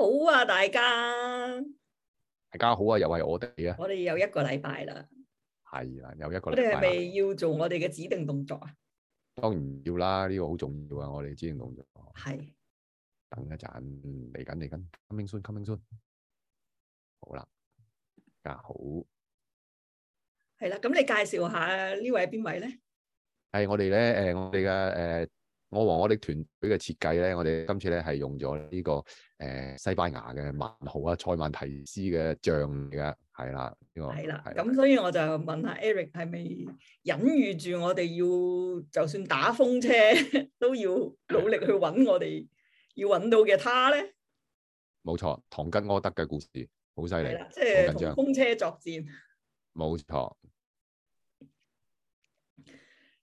好啊，大家，大家好啊，又係我哋啊，我哋又一個禮拜啦，係啦，又一個禮拜，你係咪要做我哋嘅指定動作啊？當然要啦，呢個好重要啊！我哋指定動作係，等一陣嚟緊嚟緊，coming soon，coming soon，好啦，大家好，係啦，咁你介紹下呢位係邊位咧？係我哋咧，誒，我哋嘅誒。我和我哋團隊嘅設計咧，我哋今次咧係用咗呢、這個誒、呃、西班牙嘅文豪啊，塞萬提斯嘅像嚟噶，係啦，係啦。咁所以我就問下 Eric，係咪隱喻住我哋要就算打風車都要努力去揾我哋的要揾到嘅他咧？冇錯，唐吉柯德嘅故事好犀利，即係，同風車作戰。冇錯。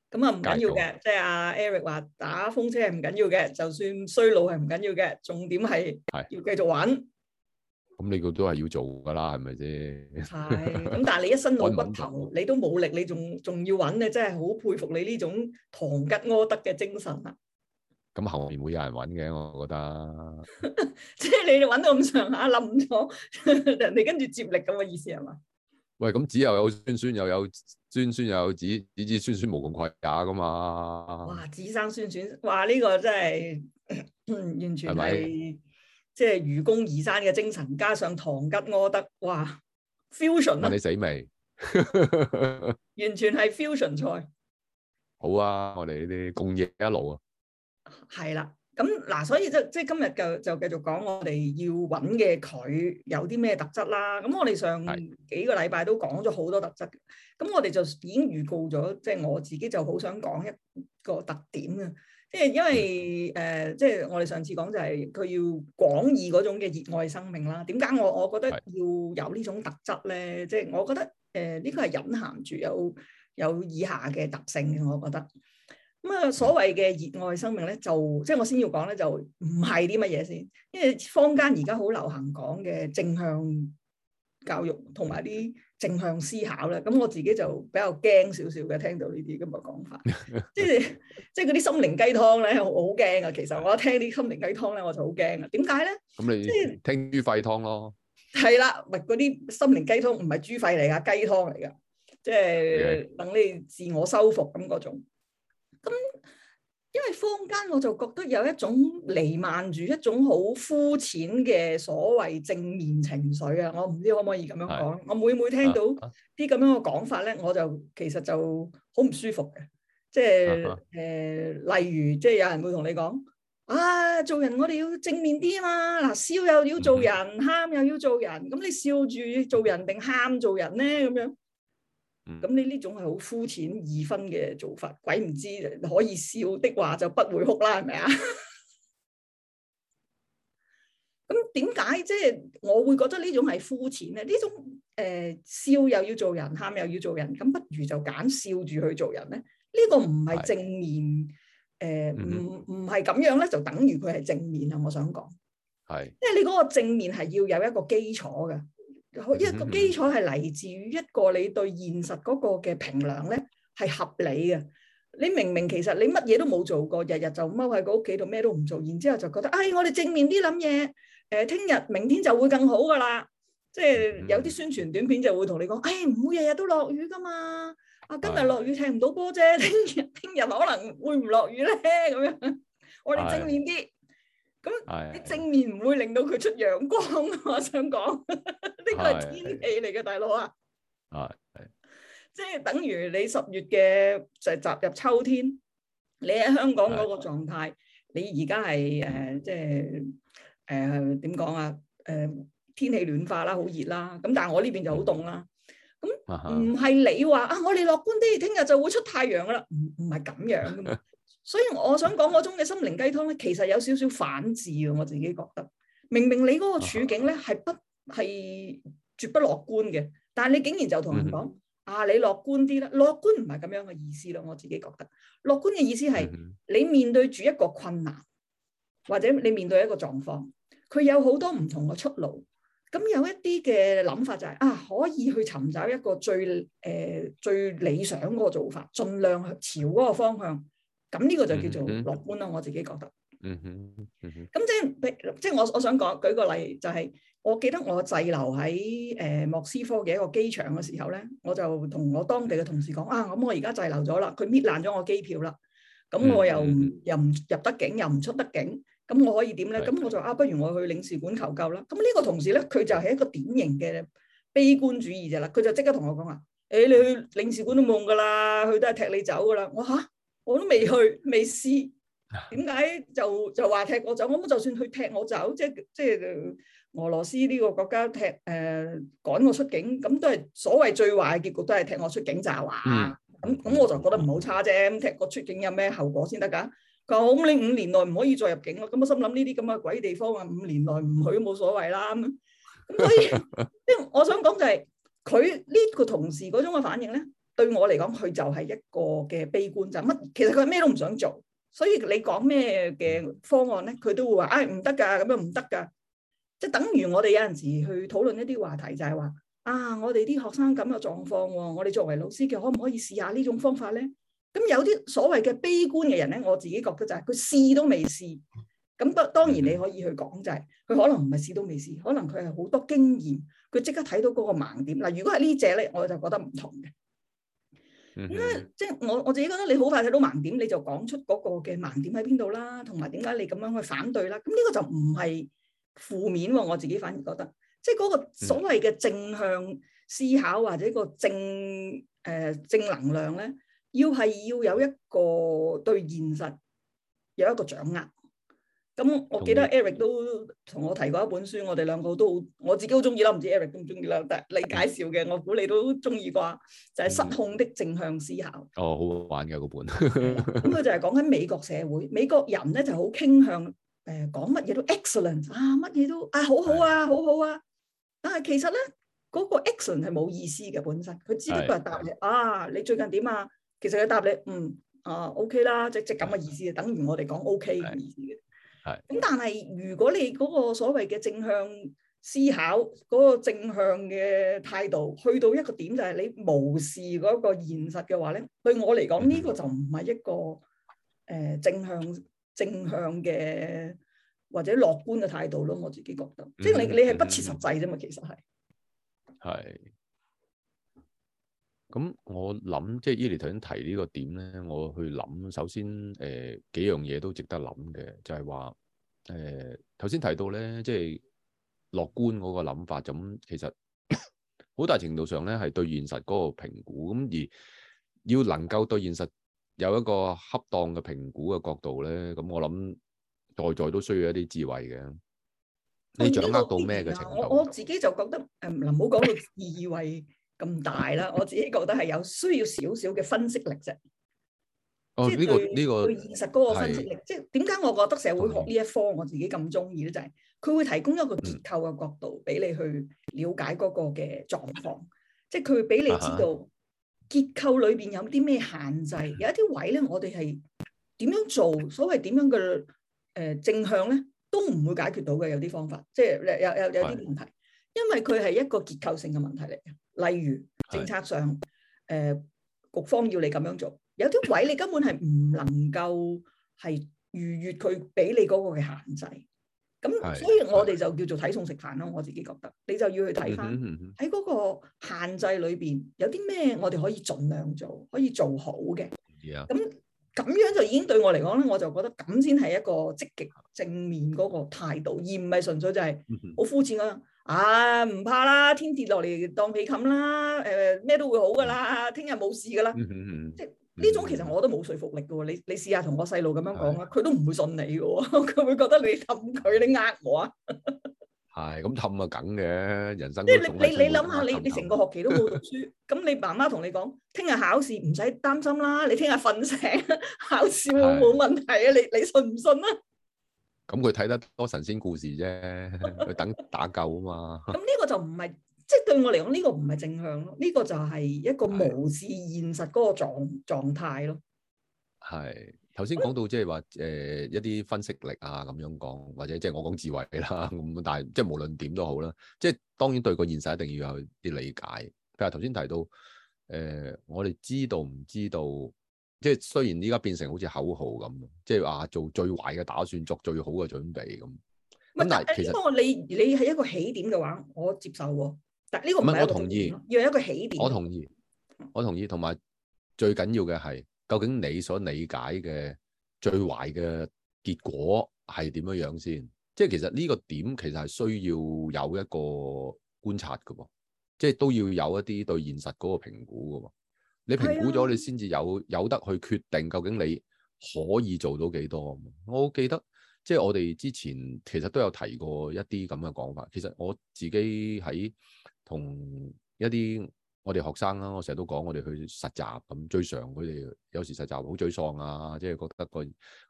咁啊，唔緊要嘅，即係阿 Eric 話打風車係唔緊要嘅，就算衰老係唔緊要嘅，重點係要繼續搵。咁你個都係要做噶啦，係咪先？係。咁但係你一身老骨頭，你都冇力，你仲仲要搵你，真係好佩服你呢種唐吉訶德嘅精神啦。咁後面會有人搵嘅，我覺得。即係你搵到咁上下冧咗，人哋跟住接力咁嘅意思係嘛？喂，咁只有有酸酸又有。孫孫又有子子孫孫無窮匱也㗎嘛！哇！子生孫孫，哇！呢個真係完全係即係愚公移山嘅精神，加上唐吉柯德，哇！fusion 啦、啊！你死未？ 完全係 fusion 菜。好啊，我哋呢啲共益一路啊。係啦、啊。咁嗱，所以即即今日就就繼續講我哋要揾嘅佢有啲咩特質啦。咁我哋上幾個禮拜都講咗好多特質。咁我哋就已經預告咗，即係我自己就好想講一個特點啊。即係因為誒，即係，嗯，呃即係，我哋上次講就係佢要廣義嗰種嘅熱愛生命啦。點解我我覺得要有呢種特質咧？即係是我覺得誒，呃呢個係隱含住有有以下嘅特性嘅，我覺得。咁啊，所謂嘅熱愛生命咧，就即係我先要講咧，就唔係啲乜嘢先，因為坊間而家好流行講嘅正向教育同埋啲正向思考啦。咁我自己就比較驚少少嘅，聽到呢啲咁嘅講法， 即係即係嗰啲心靈雞湯咧，我好驚啊！其實我一聽啲心靈雞湯咧，我就好驚啊！點解咧？咁你即係聽豬肺湯咯？係啦、就是，唔係嗰啲心靈雞湯唔係豬肺嚟噶，雞湯嚟噶，即係等你自我修復咁嗰種。咁，因為坊間我就覺得有一種瀰漫住一種好膚淺嘅所謂正面情緒啊，我唔知可唔可以咁樣講。係。我每每聽到啲咁樣嘅講法咧，我就其實就好唔舒服嘅。即係誒，例如即係、就是、有人會同你講：啊，做人我哋要正面啲啊嘛，嗱，笑又要做人，喊又要做人，咁你笑住做人定喊做人咧？咁樣。咁、嗯、你呢種係好膚淺二分嘅做法，鬼唔知可以笑的話就不會哭啦，係咪啊？咁點解即係我會覺得呢種係膚淺咧？呢種誒、呃、笑又要做人，喊又要做人，咁不如就揀笑住去做人咧？呢、這個唔係正面誒，唔唔係咁樣咧，就等於佢係正面啦。我想講，係是，即係你嗰個正面係要有一個基礎嘅。一個基礎係嚟自於一個你對現實嗰個嘅評量咧係合理嘅。你明明其實你乜嘢都冇做過，日日就踎喺個屋企度咩都唔做，然之後就覺得，唉、哎，我哋正面啲諗嘢，誒，聽日、明天就會更好噶啦。即係有啲宣傳短片就會同你講，哎，唔會日日都落雨噶嘛。啊，今日落雨聽唔到波啫，聽日聽日可能會唔落雨咧，咁樣，我哋正面啲。咁你正面唔會令到佢出陽光啊！我想講，呢個係天氣嚟嘅，大佬啊，係即係等於你十月嘅就踏入秋天，你喺香港嗰個狀態， 你而家係誒即係誒點講啊？誒、呃呃、天氣暖化啦，好熱啦，咁但係我呢邊就好凍啦。咁唔係你話啊，我哋樂觀啲，聽日就會出太陽噶啦，唔唔係咁樣嘛。 所以我想講嗰種嘅心靈雞湯咧，其實有少少反智啊。我自己覺得。明明你嗰個處境咧係不係絕不樂觀嘅，但係你竟然就同人講啊，你樂觀啲啦！樂觀唔係咁樣嘅意思咯，我自己覺得。樂觀嘅意思係、嗯、哼你面對住一個困難，或者你面對一個狀況，佢有好多唔同嘅出路。咁有一啲嘅諗法就係、是、啊，可以去尋找一個最誒、呃、最理想嘅做法，盡量去朝嗰個方向。咁呢個就叫做樂觀啦。我自己覺得，咁即係即係我我想講舉個例，就係、是、我記得我滯留喺誒、呃、莫斯科嘅一個機場嘅時候咧，我就同我當地嘅同事講啊，咁我而家滯留咗啦，佢搣爛咗我機票啦，咁我又又唔入得境，又唔出得境，咁我可以點咧？咁我就啊，不如我去領事館求救啦。咁呢個同事咧，佢就係一個典型嘅悲觀主義者啦。佢就即刻同我講話，誒、欸，你去領事館都冇用噶啦，佢都係踢你走噶啦。我嚇！啊我都未去未試，點解就就話踢我走？我咁就算佢踢我走，即即係俄羅斯呢個國家踢誒趕我出境，咁都係所謂最壞嘅結局，都係踢我出境就話，咁咁我就覺得唔好差啫。咁踢我出境有咩後果先得噶？咁你五年內唔可以再入境咯。咁我心諗呢啲咁嘅鬼地方啊，五年內唔去都冇所謂啦。咁所以即我想講就係佢呢個同事嗰種嘅反應咧。對我嚟講，佢就係一個嘅悲觀就乜。其實佢咩都唔想做，所以你講咩嘅方案咧，佢都會話：唉、哎，唔得㗎，咁樣唔得㗎。即係等於我哋有陣時去討論一啲話題就，就係話啊，我哋啲學生咁嘅狀況，我哋作為老師嘅，可唔可以試下呢種方法咧？咁有啲所謂嘅悲觀嘅人咧，我自己覺得就係佢試都未試。咁當然你可以去講，就係佢可能唔係試都未試，可能佢係好多經驗，佢即刻睇到嗰個盲點嗱。如果係呢隻咧，我就覺得唔同嘅。咁即係我我自己覺得，你好快睇到盲點，你就講出嗰個嘅盲點喺邊度啦，同埋點解你咁樣去反對啦？咁呢個就唔係負面喎，我自己反而覺得，即係嗰個所謂嘅正向思考或者個正誒、呃、正能量咧，要係要有一個對現實有一個掌握。咁我記得 Eric 都同我提過一本書，我哋兩個都好，我自己好中意啦，唔知 Eric 中唔中意啦。但係你介紹嘅，我估你都中意啩，就係、是、失控的正向思考。哦，好好玩嘅嗰本。咁 佢就係講緊美國社會，美國人咧就好傾向誒講乜嘢都 excellent 啊，乜嘢都啊好好啊，好好啊。的好啊，但係其實咧，嗰、那個 excellent 係冇意思嘅本身，佢知道佢係答你的啊你最近點啊？其實佢答你嗯啊 OK 啦，即即咁嘅意思，的等於我哋講 OK 嘅意思咁但係如果你嗰個所謂嘅正向思考嗰、那個正向嘅態度，去到一個點就係、是、你無視嗰個現實嘅話咧，對我嚟講呢個就唔係一個誒、呃、正向正向嘅或者樂觀嘅態度咯，我自己覺得，即係、嗯、哼你你係不切實際啫嘛，其實係。係。咁我諗，即係伊利頭先提呢個點咧，我去諗，首先誒、呃、幾樣嘢都值得諗嘅，就係話誒頭先提到咧，即係樂觀嗰個諗法，就咁其實好 大程度上咧係對現實嗰個評估。咁而要能夠對現實有一個恰當嘅評估嘅角度咧，咁我諗代在，在都需要一啲智慧嘅。你掌握到咩嘅程度、啊我，我自己就覺得誒，唔好講到智慧。咁大啦，我自己覺得係有需要少少嘅分析力啫。哦，呢、這個呢個對現實嗰個分析力，是即係點解我覺得社會學呢一科我自己咁中意咧？就係、是、佢會提供一個結構嘅角度俾你去了解嗰個嘅狀況，嗯、即係佢會俾你知道結構裏邊有啲咩限制，啊、有一啲位咧，我哋係點樣做，所謂點樣嘅誒、呃、正向咧，都唔會解決到嘅有啲方法，即係有有有啲問題，因為佢係一個結構性嘅問題嚟嘅。例如政策上，誒的、呃、局方要你咁樣做，有啲位你根本係唔能夠係逾越佢俾你嗰個嘅限制。咁的所以我哋就叫做睇餸食飯咯，我自己覺得你就要去睇返喺嗰個限制裏邊有啲咩，我哋可以盡量做，可以做好嘅。咁咁、嗯、哼樣就已經對我嚟講咧，我就覺得咁先係一個積極正面嗰個態度，而唔係純粹就係好膚淺啊。嗯。啊唔怕啦，天跌落嚟當被冚啦，誒、呃、咩都會好噶啦，聽日冇事噶啦。即係呢種其實我都冇說服力嘅喎，你你試下同我細路咁樣講啊，佢的都唔會信你嘅喎，佢會覺得你氹佢，你呃我啊。係咁氹啊梗嘅，人生。即係你你你諗下，你想想你成個學期都冇讀書，咁 你媽媽同你講，聽日考試唔使擔心啦，你聽日瞓醒考試冇問題啊的，你你信唔信啊？咁佢睇得多神仙故事啫，佢等打救啊嘛。咁呢 個就唔係，即係對我嚟講呢個唔係正向咯，呢個就係一個無視現實嗰個狀狀態咯。係頭先講到即係話誒，一啲分析力啊咁樣講，或者即係我講智慧啦咁，但係即係無論點都好啦，即係當然對個現實一定要有啲理解。譬如頭先提到誒，我哋知道唔知道？即係雖然依家變成好似口號咁，即係話做最壞嘅打算，作最好嘅準備咁。咁但係其實你你係一個起點嘅話，我接受喎。但呢個唔係我同意，要一個起點。我同意，我同意。同埋最緊要嘅係，究竟你所理解嘅最壞嘅結果係點樣樣先？即係其實呢個點其實係需要有一個觀察㗎喎，即係都要有一啲對現實嗰個評估㗎喎。你評估咗，你先至有有得去決定究竟你可以做到幾多。我記得即係我哋之前其實都有提過一啲咁嘅講法。其實我自己喺同一啲我哋學生啦，我成日都講我哋去實習咁，最常佢哋有時實習好沮喪啊，即係覺得個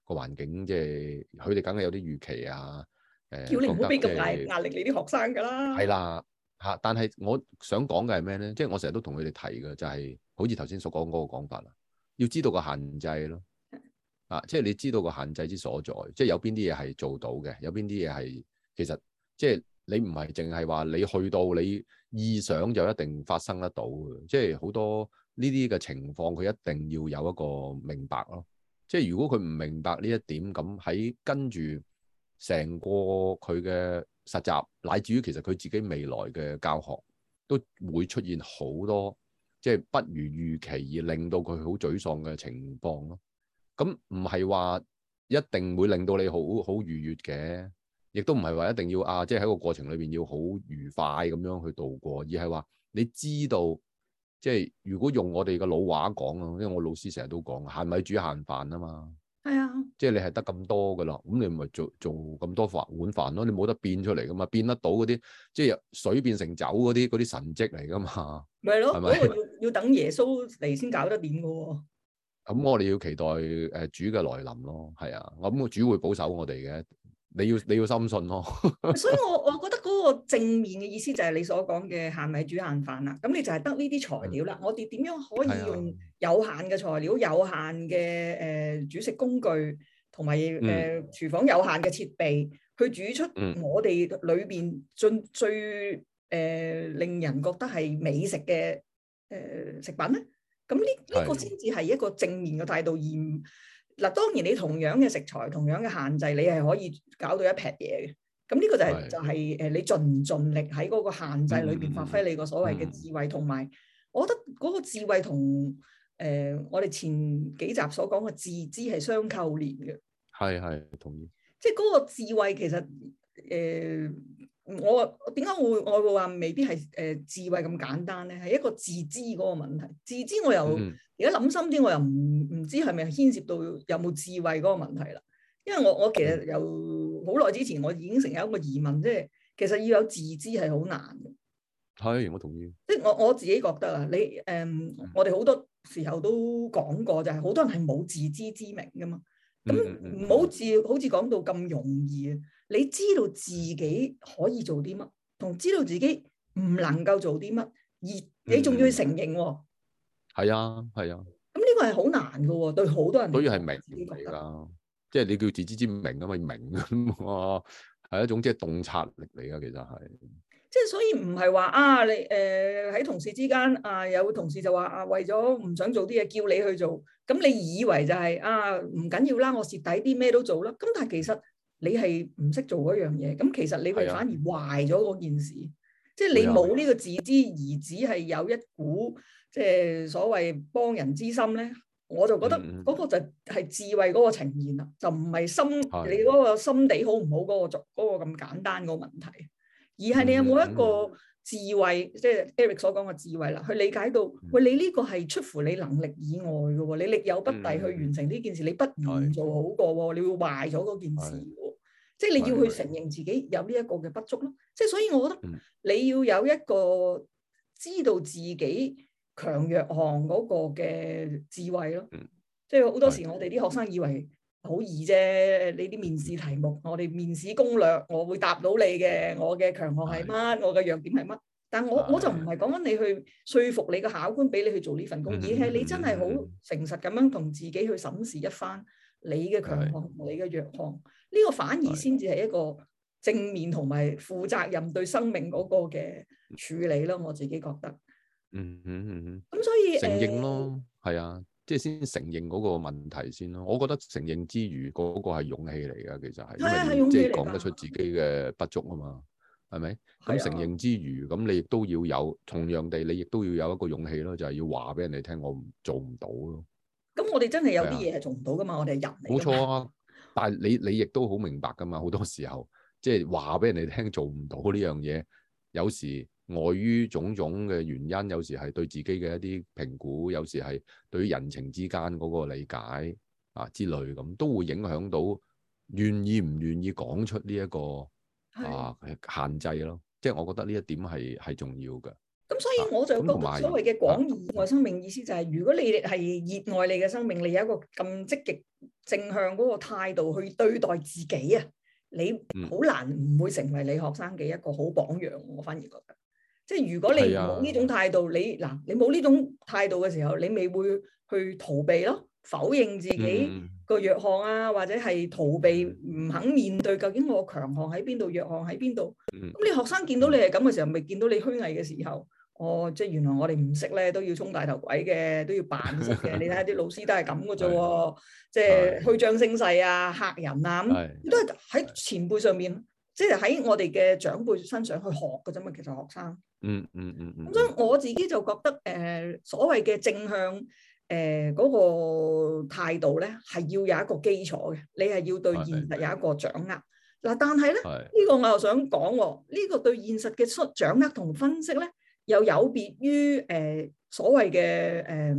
個環境即係佢哋梗係有啲預期啊。誒、呃，你唔好俾咁大壓力你啲學生㗎啦。係啦，嚇！但係我想講嘅係咩咧？即係我成日都同佢哋提嘅就係、是。好似頭先所講嗰個講法啦，要知道個限制咯，啊，即係你知道個限制之所在，即係有邊啲嘢係做到嘅，有邊啲嘢係其實即係你唔係淨係話你去到你意想就一定發生得到嘅，即係好多呢啲嘅情況，佢一定要有一個明白咯。即係如果佢唔明白呢一點，咁喺跟住成個佢嘅實習，乃至於其實佢自己未來嘅教學，都會出現好多。即係不如預期而令到佢好沮喪嘅情況咯，咁唔係話一定會令到你好好愉悅嘅，亦都唔係話一定要啊，即係喺個過程裏邊要好愉快咁樣去度過，而係話你知道，即係如果用我哋嘅老話講啊，因為我老師成日都講，限米煮限飯啊嘛。係啊，即係你係得咁多噶啦，咁你咪做做咁多飯碗飯咯，你冇得變出嚟噶嘛，變得到嗰啲即係水變成酒嗰啲啲神跡嚟噶嘛，咪係咯，嗰個要要等耶穌嚟先搞得掂噶、哦，咁我哋要期待誒、呃、主嘅來臨咯，係啊，咁主會保守我哋嘅，你要你要深信咯，所以我我。個正面嘅意思就係你所講嘅限米煮限飯啦？咁你就係得呢啲材料啦。嗯、我哋點樣可以用有限嘅材料、嗯、有限嘅誒、呃、煮食工具同埋誒廚房有限嘅設備，去煮出我哋裏邊盡最誒、呃、令人覺得係美食嘅誒、呃、食品咧？咁呢呢個先至係一個正面嘅態度。而嗱、呃、當然你同樣嘅食材、同樣嘅限制，你係可以搞到一劈嘢嘅。咁呢個就係、是、是就係誒你盡唔盡力喺嗰個限制裏邊發揮你個所謂嘅智慧，同埋、嗯嗯、我覺得嗰個智慧同誒、呃、我哋前幾集所講嘅自知係相扣連嘅。係，係，同意，即係嗰個智慧其實誒、呃，我點解會我會話未必係誒、呃、智慧咁簡單咧？係一個自知嗰個問題，自知我又而家諗深啲，我又唔唔知係咪牽涉到有冇智慧嗰個問題啦？因為我我其實有。嗯好耐之前，我已經成日有一個疑問，即係其實要有自知係好難嘅。係，我同意。即係我我自己覺得啊，你誒，嗯嗯、我哋好多時候都講過就係，好多人係冇自知之明嘅嘛。咁唔好自，好似講到咁容易啊！你知道自己可以做啲乜，同知道自己唔能夠做啲乜，而你仲要去承認喎、哦。係、嗯、啊，係啊。咁呢個係好難嘅喎、啊，對好多人都要係明理啦。即係你叫自知之明啊嘛，明咁啊係一種即係洞察力嚟㗎，其實係。即係所以唔係話啊，你誒喺、呃、同事之間啊，有個同事就話啊，為咗唔想做啲嘢，叫你去做，咁你以為就係、啊係啊唔緊要啦，我蝕底啲咩都做啦。咁但係其實你係唔識做嗰樣嘢，咁其實你係反而壞咗嗰件事。的即係你冇呢個自知而止，係有一股的即係所謂幫人之心咧。我就覺得嗰個就係智慧嗰個呈現啦，嗯、就唔係心，的你嗰個心地好唔好嗰、嗰個作咁、嗰個、簡單個問題，而係你有冇一個智慧，即係、嗯、Eric 所講嘅智慧啦，去理解到、嗯、喂，你呢個係出乎你能力以外嘅喎，你力有不逮去完成呢件事，你不完做好過喎，的你會壞咗嗰件事喎，的即係你要去承認自己有呢一個嘅不足咯。即係所以，我覺得你要有一個知道自己，強弱項嗰個嘅智慧咯，即係好多時我哋啲學生以為好易啫，你啲面試題目，我哋面試攻略我會答到你嘅，我嘅強項係乜，的我嘅弱點係乜，但我我就唔係講緊你去說服你個考官俾你去做呢份工，而係的你真係好誠實咁樣同自己去審視一番你嘅強項同的你嘅弱項，呢個反而先至係一個正面同埋負責任對生命嗰個嘅處理咯，我自己覺得。嗯嗯嗯咁所以承認咯，係、嗯、啊，即係、啊、先承認嗰個問題先咯。我覺得承認之餘，嗰個係勇氣嚟噶,其實係，係係即係講得出自己嘅不足啊嘛，係咪？咁、啊、承認之餘，咁你亦都要有，同樣地，你亦都要有一個勇氣咯，就係、是、要話俾人哋聽，我唔做唔到咯。咁我哋真係有啲嘢係做唔到噶嘛，我哋係人嚟，冇錯啊。錯啊，但係你你亦都好明白噶嘛，好多時候即係話俾人哋聽做唔到呢樣嘢，有時。礙於種種嘅原因，有時係對自己嘅一啲評估，有時係對於人情之間嗰個理解啊之類咁，都會影響到願意唔願意講出呢、這、一個是啊限制咯。即係我覺得呢一點係係重要嘅。咁所以我就覺得、嗯、所謂嘅廣義愛生命意思就係、是，如果你係熱愛你嘅生命，你有一個咁積極正向嗰個態度去對待自己啊，你好難唔會成為你學生嘅一個好榜樣。我。我反而覺得。即係如果你冇呢種態度，是的 你嗱你冇呢種態度嘅時候，你咪會去逃避咯，否認自己個弱項啊，或者係逃避唔肯面對，究竟我強項喺邊度，弱項喺邊度？咁、嗯、你學生見到你係咁嘅時候，咪見到你虛偽嘅時候？哦，即係原來我哋唔識咧，都要充大頭鬼嘅，都要扮識嘅。你睇下啲老師都係咁嘅啫喎，即係虛張聲勢啊，嚇人啊，咁對 都係喺前輩上面，即係喺我哋嘅長輩身上去學嘅啫嘛。其實學生。嗯嗯嗯嗯，咁、嗯嗯嗯、所以我自己就覺得，誒、呃，所謂嘅正向誒嗰、呃那個態度咧，係要有一個基礎嘅，你係要對現實有一個掌握。嗱、嗯，嗯嗯、但係咧呢、嗯、個我又想講，呢、這個對現實嘅捉掌握同分析咧，又有別於誒、呃、所謂嘅誒、呃、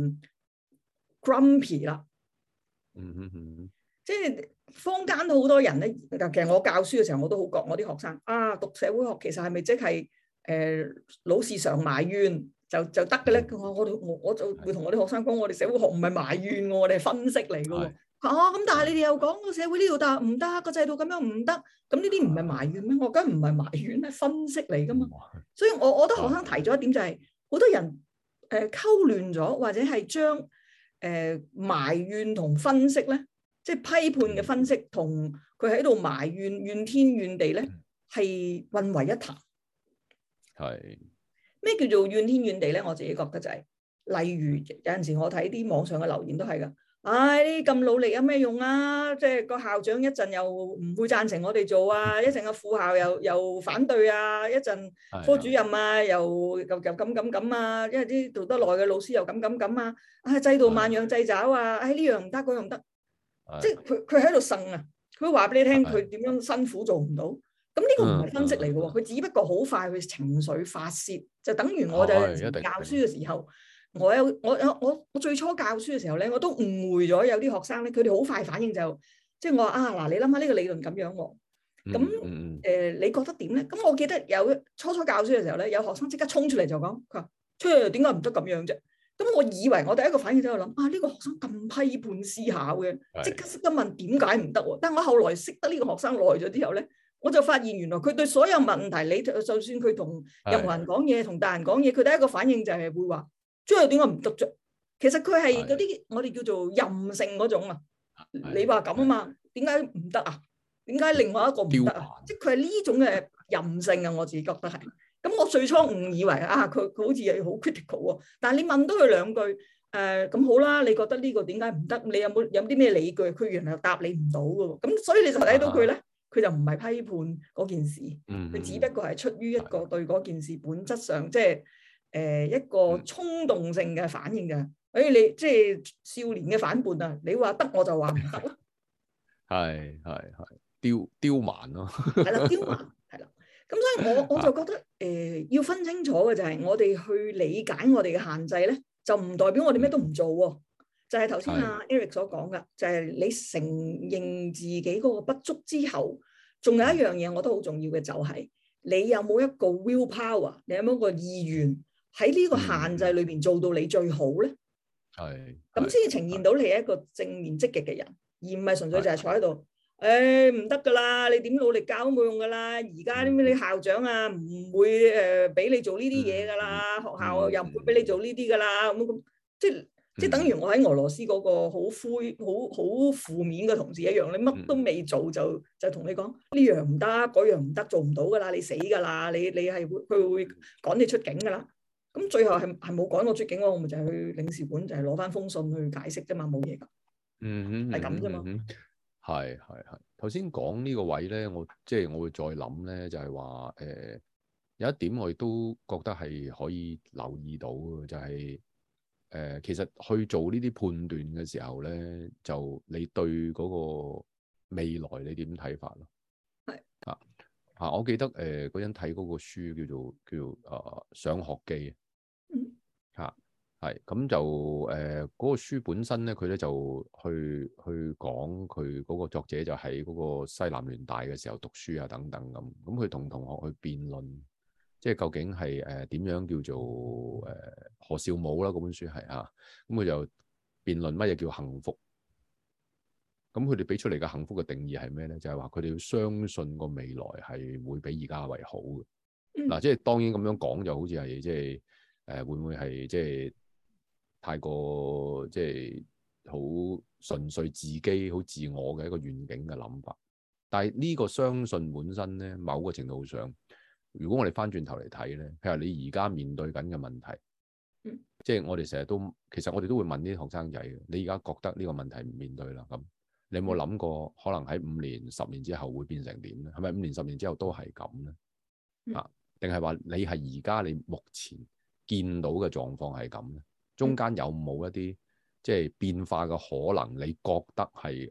grumpy 啦、嗯。嗯嗯嗯，即係坊間都好多人咧，其實我教書嘅時候，我都好覺我啲學生啊，讀社會學其實係咪即係？誒、呃、老是常埋怨就就得嘅咧。我我我就會同我啲學生講，我哋社會學唔係埋怨，我哋係分析嚟嘅喎。咁是、哦，但係你哋又講個社會呢度但唔得，個制度咁樣唔得，咁呢啲唔係埋怨咩？我梗唔係埋怨，係分析嚟嘅嘛。所以我我覺得學生提咗一點就係、是、好多人誒溝亂咗，或者係將誒埋怨同分析咧，即係批判嘅分析同佢喺度埋怨怨天怨地咧，係混為一談。係咩叫做怨天怨地咧？我自己覺得就係，例如有陣時我睇啲網上嘅留言都係㗎，唉，咁努力有咩用啊？即係個校長一陣又唔會贊成我哋做啊，一陣個副校又又反對啊，一陣科主任啊是的 又又又咁咁咁啊，因為啲讀得耐嘅老師又咁咁咁啊，啊，唉，制度萬樣掣肘啊，唉，呢是的，樣唔得，嗰樣唔得，即係佢佢喺度呻啊，佢話俾你聽佢點樣辛苦做唔到。咁呢、嗯、個唔係分析嚟嘅喎，佢、嗯、只不過好快佢情緒發泄，就等於我就教書嘅時候，我有我有我我最初教書嘅時候咧，我都誤會咗有啲學生咧，佢哋好快反應就，即、就、係、是、我話啊嗱，你諗下呢個理論咁樣喎，咁誒、嗯呃、你覺得點咧？咁我記得有初初教書嘅時候咧，有學生即刻衝出嚟就講，佢話出去點解唔得咁樣啫？咁我以為我第一個反應喺度諗，啊呢、這個學生咁批判思考嘅，即刻即刻問點解唔得喎？但我後來識得呢個學生耐咗之後咧。我就發現原來佢對所有問題，你就算佢同任何人講嘢，同大人講嘢，佢第一個反應就係會話，即係點解唔得著？其實佢係嗰啲我哋叫做任性嗰種啊！你話咁啊嘛，點解唔得啊？點解另外一個唔得啊？牙即係佢係呢種嘅任性啊！我自己覺得係。咁我最初誤以為啊，佢佢好似係好 critical、啊、但係你問多佢兩句，誒、呃、咁好啦，你覺得呢個點解唔得？你有冇有啲咩理據？佢原來答你唔到㗎喎。咁所以你就睇到佢咧。 佢就唔係批判嗰件事，佢只不過係出於一個對嗰件事本質上，的即係誒、呃、一個衝動性嘅反應嘅。誒、嗯哎、你即係少年嘅反叛啊！你話得我就話唔得咯，係係係，刁刁蠻咯，係啦，刁蠻、啊，係 啦。咁所以我我就覺得誒、呃、要分清楚嘅就係我哋去理解我哋嘅限制咧，就唔代表我哋咩都唔做喎、啊。就係頭先阿 Eric 所講噶，就係你承認自己嗰個不足之後，仲有一樣嘢我覺得好重要嘅，就係你有冇一個 will power，你有冇一個意願喺呢個限制裏邊做到你最好咧？係。咁先呈現到你係一個正面積極嘅人，而唔係純粹就係坐喺度，誒，唔得噶啦，你點努力教都冇用噶啦。而家啲咩啲校長啊，唔會誒俾你做呢啲嘢噶啦，學校又唔會俾你做呢啲噶啦咁樣咁，即係。嗯、即係等於我喺俄羅斯嗰個好灰、好好負面嘅同事一樣，你乜都未做就、嗯、就同你講呢樣唔得，嗰樣唔得，做唔到噶啦，你死噶啦，你你係會佢會趕你出境噶啦。咁最後係係冇趕我出境，我咪就去領事館就係攞翻封信去解釋啫嘛，冇嘢噶。嗯哼，係咁噶嘛。係係係。頭先講呢個位咧，我即係、就是、我會再諗咧，就係話誒有一點，點我亦都覺得係可以留意到嘅，就係、是。誒、呃，其實去做呢啲判斷嘅時候咧，就你對嗰個未來你點睇法咯？係啊的啊！我記得誒嗰陣睇嗰個書叫做叫做誒《上、呃、學記》啊。吓係咁就誒嗰、呃嗰個書本身咧，佢咧就去去講佢嗰個作者就喺嗰個西南聯大嘅時候讀書啊等等咁，咁佢同同學去辯論。即係究竟係誒點樣叫做誒、呃、何少武啦？嗰本書係吓，咁、啊、佢就辯論乜嘢叫幸福。咁佢哋俾出嚟嘅幸福嘅定義係咩咧？就係話佢哋要相信個未來係會比而家為好嘅。嗱、嗯啊，即係當然咁樣講，就好似係即係誒，會唔會係即係太過即係好純粹自己好自我嘅一個願景嘅諗法？但係呢個相信本身咧，某個程度上。如果我哋翻轉頭嚟睇咧，譬如你而家面對緊嘅問題，嗯、即係我哋成日都其實我哋都會問啲學生仔嘅，你而家覺得呢個問題唔面對啦，咁你有冇諗過可能喺五年、十年之後會變成點咧？係咪五年、十年之後都係咁咧？啊、嗯，定係話你係而家你目前見到嘅狀況係咁咧？中間有冇一啲即係變化嘅可能？你覺得係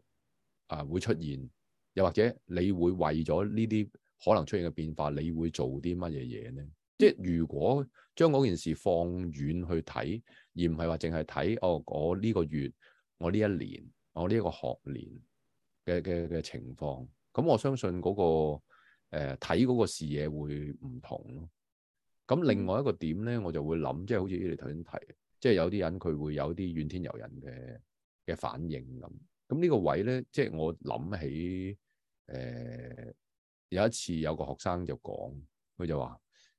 啊、呃、會出現，又或者你會為咗呢啲？可能出現嘅變化，你會做啲乜嘢嘢咧？即係如果將嗰件事放遠去睇，而唔係話淨係睇哦，我呢個月、我呢一年、我呢一個學年嘅嘅嘅情況，咁我相信嗰個誒睇嗰個視野會唔同咯。咁另外一個點咧，我就會諗，即係好似啲你頭先提，即係有啲人佢會有啲怨天尤人嘅嘅反應咁。咁呢個位咧，即係我諗起誒。呃有一次有個學生就講，佢就話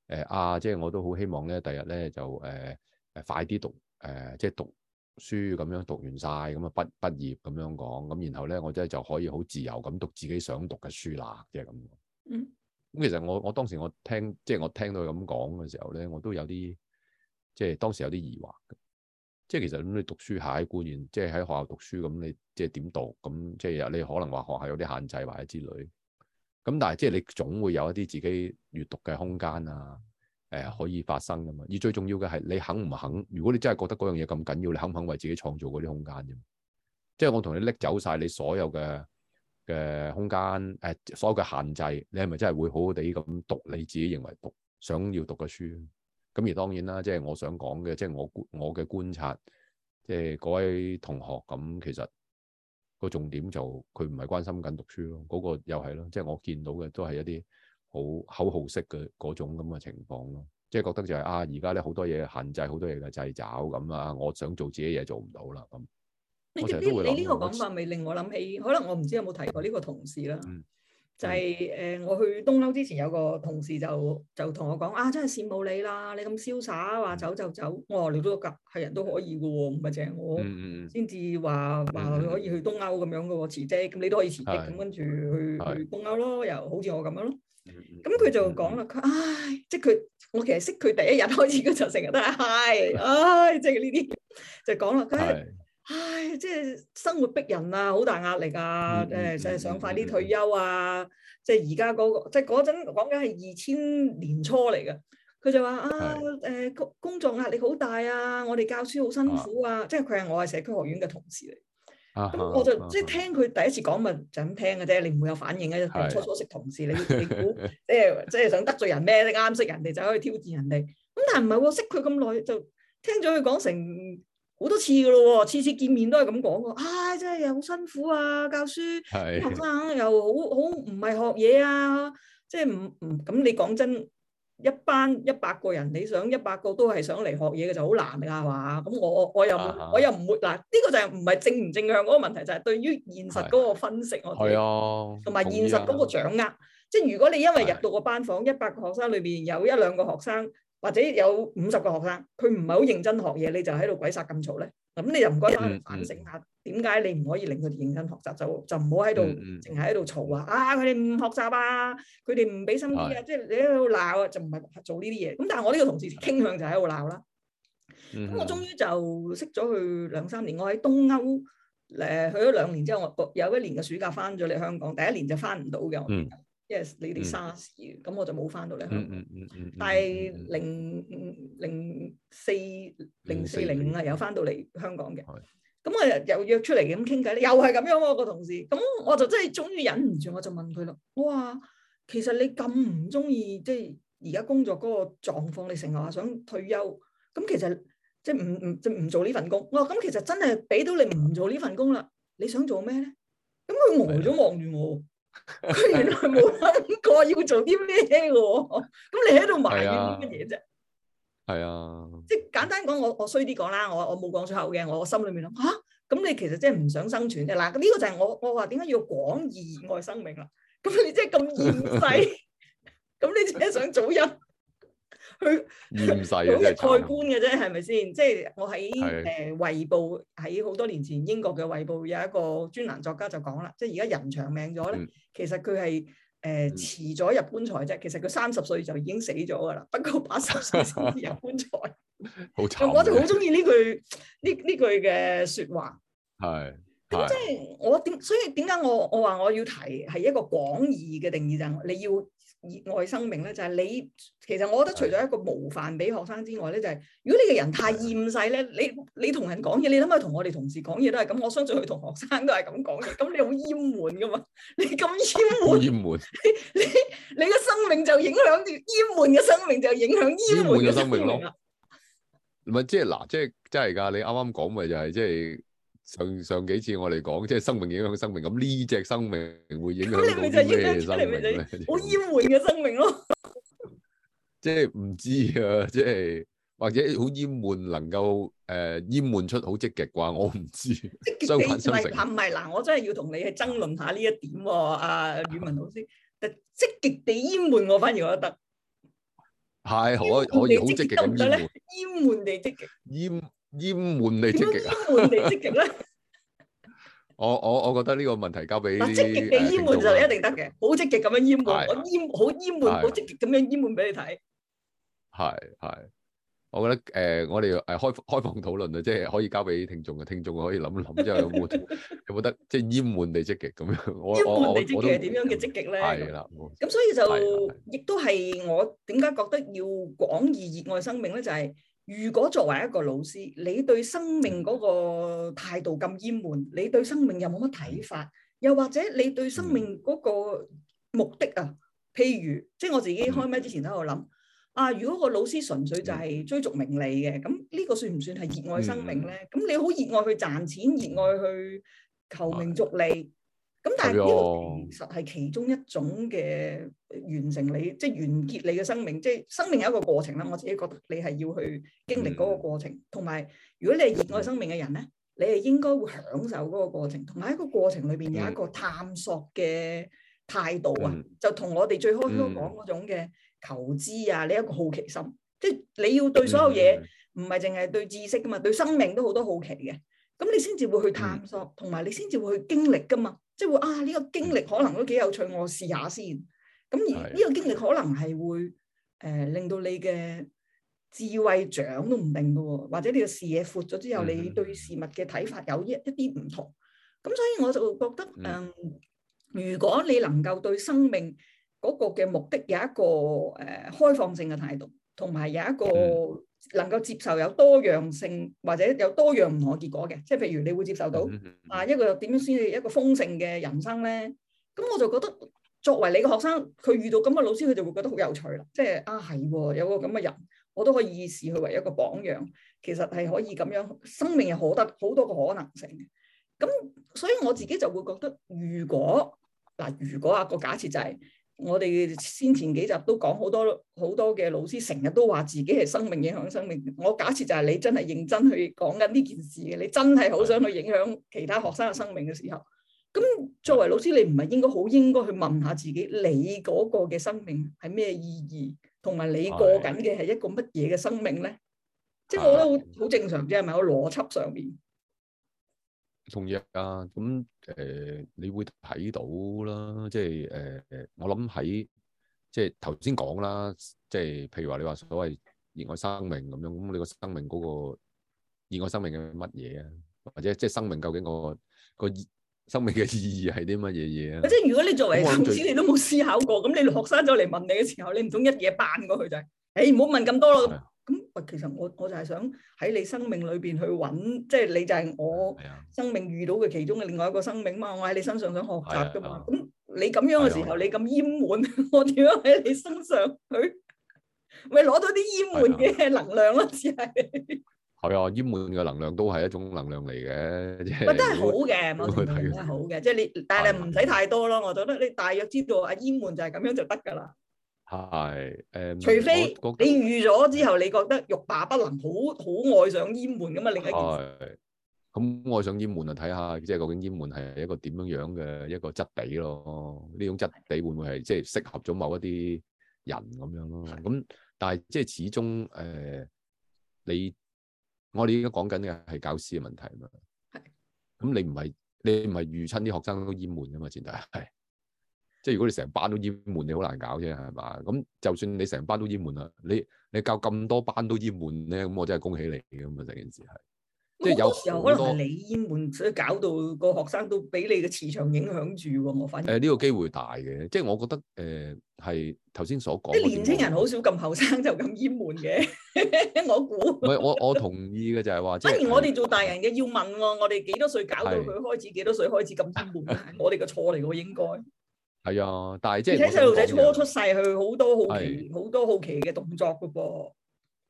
誒、呃、啊，即、就、係、是、我都好希望咧，第日咧就誒誒、呃、快啲讀誒，即、呃、係、就是、讀書咁樣讀完晒，咁啊，畢畢業咁樣講咁，然後咧我即係就可以好自由咁讀自己想讀嘅書啦，即係咁。嗯，咁其實我我當時我聽即係、就是、我聽到佢咁講嘅時候咧，我都有啲即係當時有啲疑惑嘅即係、就是、其實咁你讀書喺官員，即係喺學校讀書咁，你即係點讀？咁即係你可能話學校有啲限制或者之類。咁但係即係你總會有一啲自己閱讀嘅空間啊，誒、呃、可以發生噶嘛？而最重要嘅係你肯唔肯？如果你真係覺得嗰樣嘢咁緊要，你肯唔肯為自己創造嗰啲空間啫、啊？即係我同你拎走晒你所有嘅嘅空間，誒、呃、所有嘅限制，你係咪真係會好好地咁讀你自己認為讀想要讀嘅書、啊？咁而當然啦，即係我想講嘅，即係我我嘅觀察，即係嗰位同學咁，其實。個重點就佢唔係關心緊讀書咯，嗰個又係咯，即係我見到嘅都係一啲好口號式嘅嗰種咁嘅情況咯，即係覺得就係啊，而家咧好多嘢限制，好多嘢嘅掣肘咁啊，我想做自己嘢做唔到啦咁。你呢你呢個講法咪令我諗起，前可能我唔知有冇提過呢個同事啦。嗯就係、是、誒、呃，我去東歐之前有個同事就就同我講啊，真係羨慕你啦，你咁瀟灑話走就走，我話你都得，係人都可以嘅喎，唔係淨係我先至話話佢可以去東歐咁樣嘅喎辭職，咁你都可以辭職，咁跟住去是去東歐咯，又好似我咁樣咯。咁佢、嗯、就講啦，佢唉，即係佢我其實識佢第一日開始，佢就成日都係嗨，唉，即係呢啲就講啦，咁。是唉，即係生活逼人啊，好大壓力啊！誒，就係想快啲退休啊！即係而家嗰個，即係嗰陣講緊係二千年初嚟嘅。佢就話啊，誒工工作壓力好大啊，我哋教書好辛苦啊！即係佢係我係社區學院嘅同事嚟，我就即係聽佢第一次講咪就咁聽嘅啫，你唔會有反應嘅。初初識同事，你你估即係即係想得罪人咩？你啱識人哋就可以挑戰人哋。咁但係唔係喎，識佢咁耐就聽咗佢講成。好多次噶咯喎，次次見面都係咁講喎。唉、哎，真係又好辛苦啊，教書學生是又好好唔係學嘢啊，即係唔唔咁你講真一班一百個人，你想一百個都係想嚟學嘢嘅就好難㗎，係嘛？咁我我又、啊、我又唔會嗱，呢、這個就係唔係正唔正向嗰個問題，就係、是、對於現實嗰個分析是我哋係啊，同埋現實嗰個掌握。啊、即係如果你因為入到個班房，一百個學生裏邊有一兩個學生。或者有五十個學生，佢唔係好認真學嘢，你就喺度鬼殺咁嘈咧。咁你就唔該翻去反省下，點解、嗯嗯、你唔可以令佢哋認真學習？就就唔好喺度，淨係喺度嘈啊！啊，佢哋唔學習啊，佢哋唔俾心機啊，嗯、即係你喺度鬧啊，就唔係做呢啲嘢。咁但係我呢個同事傾向就喺度鬧啦。咁我終於就識咗佢兩三年。我喺東歐誒、呃、去咗兩年之後，我有一年嘅暑假翻咗嚟香港。第一年就翻唔到嘅。嗯嗯 Yes，你哋 SARS，咁我就冇翻到嚟，但係零零四,零四零,零四零五啊，又翻到嚟香港嘅。係。咁啊，又約出嚟咁傾偈咧，又係咁樣喎、啊、個同事。咁我就真係終於忍唔住，我就問佢咯。我話：其實你咁唔中意即係而家工作嗰個狀況，你成日話想退休。咁其實即係唔唔即唔做呢份工。我咁其實真係俾到你唔做呢份工啦。你想做咩咧？咁佢呆咗望住我。佢 原來冇諗過要做啲咩嘅，咁你喺度埋怨啲乜嘢啫？係啊，即係、啊、簡單講，我我衰啲講啦，我我冇講出口嘅，我心裏面諗吓，咁、啊、你其實真係唔想生存嘅嗱，咁呢個就係我我話點解要廣義愛生命啦，咁你真係咁厭世，咁 你自己想早入。佢她 厭世，佢嘅外觀嘅啫，係咪先？即係、就是、我喺誒衛報喺好多年前，英國嘅衛報有一個專欄作家就講啦，即係而家人長命咗咧，其實佢係誒遲咗入棺材啫。其實佢三十歲就已經死咗噶啦，不過八十歲先至入棺材。好慘！我就好中意呢句呢呢句嘅說話。係是，咁即係我點？所以點解我我話我要提係一個廣義嘅定義就係你要。熱愛生命咧，就係你。其實我覺得除咗一個模範俾學生之外咧，就係如果你嘅人太厭世咧，你你同人講嘢，你諗可以同我哋同事講嘢都係咁，我相信佢同學生都係咁講嘅。咁你好厭悶噶嘛？你咁厭悶，悶，你你嘅生命就影響住，厭悶嘅生命就影響厭悶嘅生命咯。唔係即係嗱，即係真係噶，你啱啱講咪就係即係。上上幾次我哋講，即係生命影響生命咁，呢隻生命會影響到咩生命咧？好厭悶嘅生命咯，即係唔知啊！即係或者好厭悶，能夠誒厭悶出好積極啩？我唔知。積極地厭悶，嗱唔係嗱，我真係要同你去爭論下呢一點喎，阿語文老師，但積極地厭悶我反而覺得係可以，我而好積極咁厭悶，厭悶地積極厭。淹瞞你積極啊！點樣淹瞞你積極咧？我我我覺得呢個問題交俾嗱，積極嘅淹瞞就一定得嘅，好積極咁樣淹瞞，我淹好淹瞞，好積極咁樣淹瞞俾你睇。係係，我覺得誒，我哋誒開開放討論啊，即係可以交俾聽眾嘅聽眾可以諗諗之後有冇有冇得即係淹瞞地積極咁樣。淹瞞地積極係點樣嘅積極咧？係啦，咁所以就亦都係我點解覺得要廣義熱愛生命咧，就係。如果作為一個老師，你對生命嗰個態度咁厭悶，你對生命有冇乜睇法，又或者你對生命嗰個目的啊，譬如即係我自己開咪之前都喺度諗，啊，如果個老師純粹就係追逐名利嘅，咁呢個算唔算係熱愛生命呢？咁你好熱愛去賺錢，熱愛去求名逐利。咁、嗯、但係呢個其實係其中一種嘅完成你，即係完結你嘅生命。即係生命係一個過程啦，我自己覺得你係要去經歷嗰個過程。同埋、嗯、如果你係熱愛生命嘅人咧，你係應該會享受嗰個過程，同埋一個過程裏邊有一個探索嘅態度啊。嗯、就同我哋最開初講嗰種嘅求知啊，你一個好奇心，嗯、即係你要對所有嘢唔係淨係對知識噶嘛，嗯、對生命都好多好奇嘅。咁你先至會去探索，同埋、嗯、你先至會去經歷噶嘛。即係會啊！呢、這個經歷可能都幾有趣，我試下先。咁而呢個經歷可能係會誒、呃、令到你嘅智慧長都唔定㗎喎、哦，或者你嘅視野闊咗之後，嗯、你對事物嘅睇法有一一啲唔同。咁所以我就覺得，嗯、呃，如果你能夠對生命嗰個嘅目的有一個誒、呃、開放性嘅態度，同埋有,有一個。嗯能夠接受有多樣性或者有多樣唔同結果嘅，即係譬如你會接受到啊一個點樣先至一個豐盛嘅人生咧？咁我就覺得作為你個學生，佢遇到咁嘅老師，佢就會覺得好有趣啦。即係啊係，有個咁嘅人，我都可以，以視佢為一個榜樣。其實係可以咁樣，生命係好得好多個可能性嘅。咁所以我自己就會覺得，如果嗱，如果啊個假設就係、是。我哋先前幾集都講好多好多嘅老師，成日都話自己係生命影響生命。我假設就係你真係認真去講緊呢件事嘅，你真係好想去影響其他學生嘅生命嘅時候，咁作為老師，你唔係應該好應該去問下自己，你嗰個嘅生命係咩意義，同埋你過緊嘅係一個乜嘢嘅生命咧？即係的我覺得好好正常啫，即係咪個邏輯上面，統一啊，咁誒、呃，你會睇到啦，即係誒、呃，我諗喺即係頭先講啦，即係譬如話你話所謂熱愛生命咁樣，咁你個生命嗰、那個熱愛生命嘅乜嘢啊？或者即係生命究竟個個生命嘅意義係啲乜嘢嘢啊？即係如果你作為教師，你都冇思考過，咁、嗯、你學生再嚟問你嘅時候，你唔通一嘢扮過佢就係、是？誒、哎，唔好問咁多咯。喂，其實我我就係想喺你生命裏邊去揾，即係你就係我生命遇到嘅其中嘅另外一個生命嘛。我喺你身上想學習噶嘛。咁、哎、呀你咁樣嘅時候，哎、呀你咁淹滿，我點樣喺你身上去？咪攞、哎、呀 到啲淹滿嘅能量咯，只係。係啊，淹滿嘅能量都係一種能量嚟嘅，真係好嘅， 我睇都係好嘅。即係你，但係唔使太多咯。我覺得你大約知道啊，淹滿就係咁樣就得噶啦。係，誒，嗯、除非你預咗之後，你覺得欲罷不能，好好愛上厭悶㗎嘛，另一件事。咁愛上厭悶啊，睇下即係究竟厭悶係一個點樣樣嘅一個質地咯？呢種質地會唔會係即係適合咗某一啲人咁樣咯？咁是但係即係始終誒、呃，你我哋而家講緊嘅係教師嘅問題啊嘛。係是，咁你唔係你唔係遇親啲學生都厭悶啊嘛？前提係。即係如果你成班都厭悶，你好難搞啫，係嘛？咁就算你成班都厭悶啦，你你教咁多班都厭悶咧，咁我真係恭喜你噶嘛，成件事係。即係有時候可能你厭悶，所以搞到個學生都俾你嘅磁場影響住。我反誒呢、呃這個機會大嘅，即係我覺得誒係頭先所講。啲年青人好少咁後生就咁厭悶嘅，我估。唔係，我我同意嘅就係話，不如我哋做大人嘅要問喎、啊，我哋幾多歲搞到佢開始？幾是多歲開始咁厭悶？我哋嘅錯嚟嘅應該。 係啊，但係即係而且細路仔初出世，佢好多好奇，好多好奇嘅動作噶噃。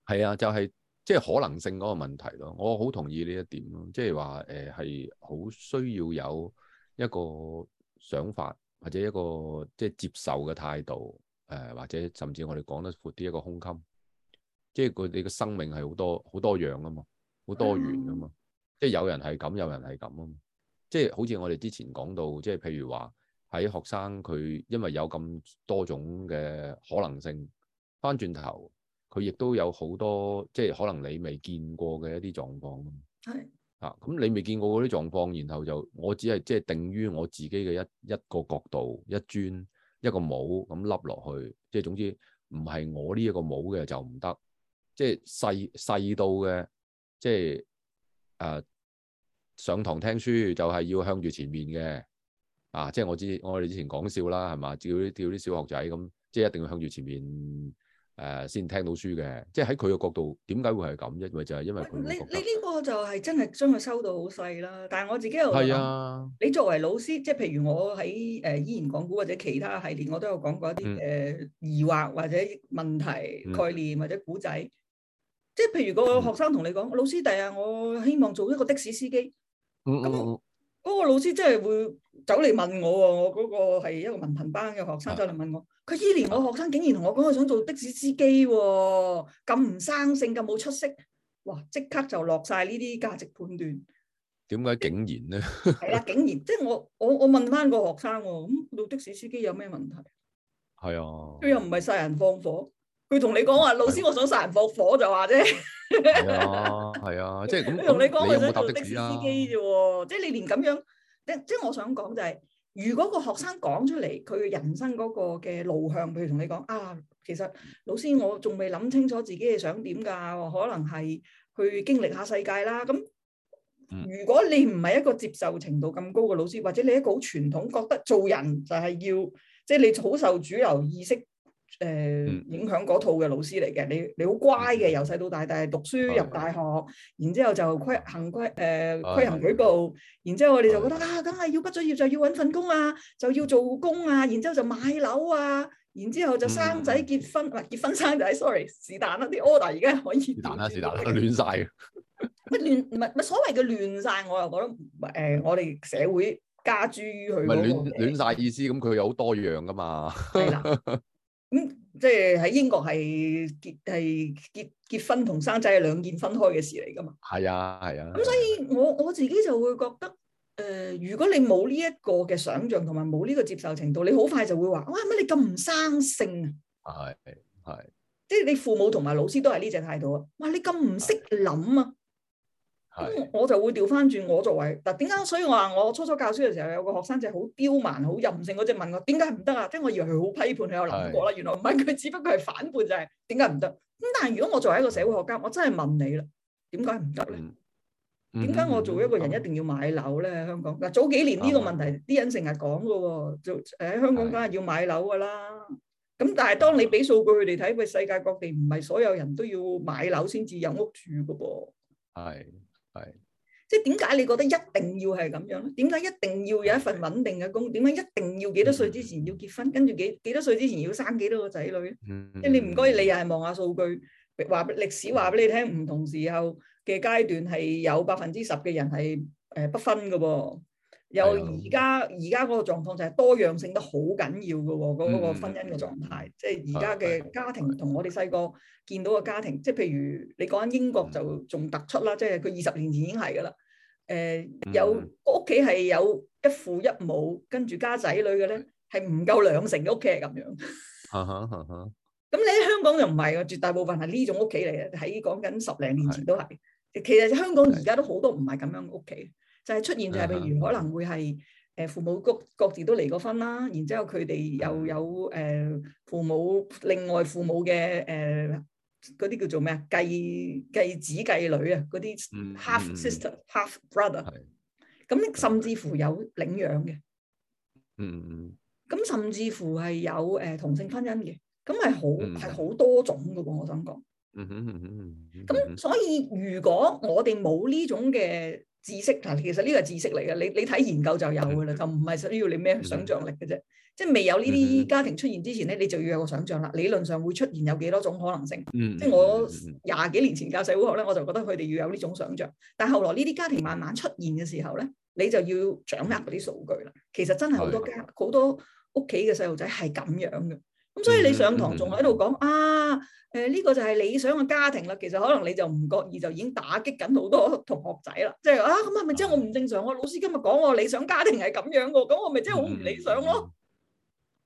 係啊，就係即係可能性嗰個問題咯。我好同意呢一點咯，即係話誒係好需要有一個想法或者一個即係接受嘅態度誒、呃，或者甚至我哋講得闊啲一,一個胸襟，即係佢哋嘅生命係好多好多樣啊嘛，好多元啊嘛，即係、嗯、有人係咁，有人係咁啊嘛，即係好似我哋之前講到，即係譬如話。喺學生佢因為有咁多種嘅可能性，翻轉頭佢亦都有好多即係可能你未見過嘅一啲狀況。係啊，咁你未見過嗰啲狀況，然後就我只係即係定於我自己嘅一一個角度、一磚、一個帽咁笠落去。即係總之唔係我呢一個帽嘅就唔得。即係細細到嘅，即係啊、呃、上堂聽書就係要向住前面嘅。啊！即係我之我哋之前講笑啦，係嘛？叫啲叫啲小學仔咁，即係一定要向住前面誒，先、呃、聽到書嘅。即係喺佢嘅角度，點解會係咁啫？咪就係因為佢。你呢個就係真係將佢收到好細啦。但係我自己又諗，啊、你作為老師，即係譬如我喺誒、呃、依然講古或者其他系列，我都有講過一啲誒、嗯呃、疑惑或者問題概念、嗯、或者古仔。即係譬如個學生同你講，嗯、老師，第日我希望做一個的士司機。嗯嗰個老師真係會走嚟問我喎，我嗰個係一個文憑班嘅學生走嚟的問我，佢依連我學生竟然同我講佢想做的士司機喎、哦，咁唔生性，咁冇出息，哇！即刻就落晒呢啲價值判斷。點解竟然咧？係 啦，竟然即係我我我問翻個學生喎，咁、嗯、做的士司機有咩問題？係啊的，佢又唔係殺人放火。佢同你講話，老師，我想殺人放火就話啫。係啊，即係咁。佢同你講，佢想做的士司機啫喎。即係你連咁樣，即即係我想講就係，如果個學生講出嚟，佢嘅人生嗰個嘅路向，譬如同你講啊，其實老師，我仲未諗清楚自己係想點㗎，可能係去經歷下世界啦。咁如果你唔係一個接受程度咁高嘅老師，或者你一個好傳統，覺得做人就係要，即係你好受主流意識。誒，嗯、影響嗰套嘅老師嚟嘅，你你好乖嘅，由細到大，但係讀書、嗯、入大學，然之後就規行規誒規行矩步，嗯嗯、然之後我哋就覺得、嗯、啊，梗係要畢咗業就要搵份工啊，就要做工啊，然之後就買樓啊，然之後就生仔結婚，唔、嗯、結婚生仔，sorry，是但啦，啲 order 而家可以。 是但啦，是但亂晒乜亂唔係所謂嘅亂晒，我又覺得誒、呃，我哋社會加諸於佢、那個。唔是亂亂晒意思，咁佢有好多樣㗎嘛。係啦。 咁、嗯、即係喺英國係結係結結婚同生仔係兩件分開嘅事嚟噶嘛？係啊係啊。咁、啊啊嗯、所以我我自己就會覺得，誒、呃，如果你冇呢一個嘅想象同埋冇呢個接受程度，你好快就會話，哇，乜你咁唔生性啊？係係、啊。啊、即係你父母同埋老師都係呢隻態度啊？哇，你咁唔識諗啊！咁是我就會調翻轉，我作為嗱點解？所以我話我初初教書嘅時候，有個學生就係好刁蠻、好任性嗰隻問我點解唔得啊？即係我以為佢好批判佢，有諗是過啦。原來唔係佢，只不過係反叛就係點解唔得？咁但係如果我作為一個社會學家，我真係問你啦，點解唔得咧？點解、嗯嗯、我做一個人一定要買樓咧？香港嗱早幾年呢個問題，啲、嗯、人成日講嘅喎，就喺、哎、香港梗係要買樓嘅啦。咁是但係當你俾數據佢哋睇，個世界各地唔係所有人都要買樓先至有屋住嘅噃。係。係，是即係點解你覺得一定要係咁樣咧？點解一定要有一份穩定嘅工？點解一定要幾多歲之前要結婚？跟住幾幾多歲之前要生幾多個仔女咧？嗯，即係你唔該，你又係望下數據，話歷史話俾你聽，唔同時候嘅階段係有百分之十嘅人係誒不分噶喎。有而家而家嗰個狀況就係多樣性都好緊要㗎喎、啊，嗰、那個婚姻嘅狀態，嗯、即係而家嘅家庭同我哋細個見到嘅家庭，嗯、即係譬如你講緊英國就仲突出啦，嗯、即係佢二十年前已經係㗎喇。誒、呃，有屋企係有一父一母，跟住家仔女嘅咧，係唔夠兩成嘅屋企係咁樣。咁、 啊啊、你喺香港就唔係啊，絕大部分係呢種屋企嚟嘅。喺講緊十零年前都係，是其實香港而家都好多唔係咁樣嘅屋企。就係出現，就係譬如可能會係誒父母各各自都離過婚啦，然之後佢哋又有誒父母另外父母嘅誒嗰啲叫做咩啊，繼繼子繼女啊嗰啲 half sister、mm. half brother，咁是甚至乎有領養嘅，嗯，咁甚至乎係有誒同性婚姻嘅，咁係好係好多種㗎喎，我想講，嗯咁、mm. 所以如果我哋冇呢種嘅。知識嗱，其實呢個係知識嚟嘅，你你睇研究就有噶啦，的就唔係需要你咩想像力嘅啫。的即係未有呢啲家庭出現之前咧，你就要有個想像啦。理論上會出現有幾多種可能性。的即係我廿幾年前教社會學咧，我就覺得佢哋要有呢種想像。但係後來呢啲家庭慢慢出現嘅時候咧，你就要掌握嗰啲數據啦。其實真係好多家好的多屋企嘅細路仔係咁樣嘅。咁所以你上堂仲喺度講啊，誒、這、呢個就係理想嘅家庭啦，其實可能你就唔覺意就已經打擊緊好多同學仔啦，即係啊，咁係咪即係我唔正常我，啊 mm hmm. 老師今日講我理想家庭係咁樣嘅，啊，咁我咪即係好唔理想咯，啊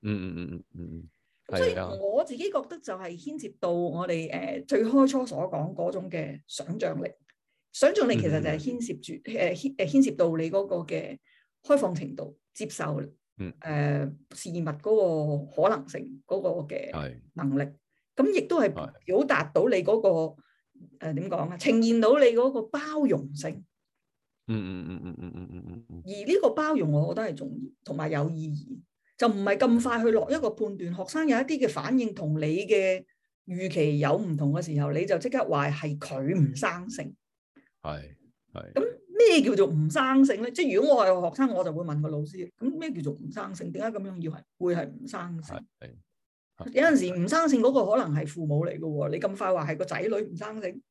mm hmm. 嗯？嗯嗯嗯嗯嗯。所以我自己覺得就係牽涉到我哋誒最開初所講嗰種嘅想象力，mm hmm. 想象力其實就係牽涉住誒牽誒牽涉到你嗰個嘅開放程度，接受。嗯，誒，uh, 事物嗰個可能性，嗰個嘅能力，咁亦都係表達到你嗰個誒點講啊，呈現到你嗰個包容性。嗯嗯嗯嗯嗯嗯嗯嗯。嗯嗯嗯嗯而呢個包容，我覺得係重要，同埋有，有意義。就唔係咁快去落一個判斷。學生有一啲嘅反應同你嘅預期有唔同嘅時候，你就即刻話係佢唔生性。係係。咁。咩叫做唔生性咧？即係如果我係個學生，我就會問個老師。咁咩叫做唔生性？點解咁樣要係會係唔生性？的有陣時唔生性嗰個可能係父母嚟嘅喎。你咁快話係個仔女唔生性？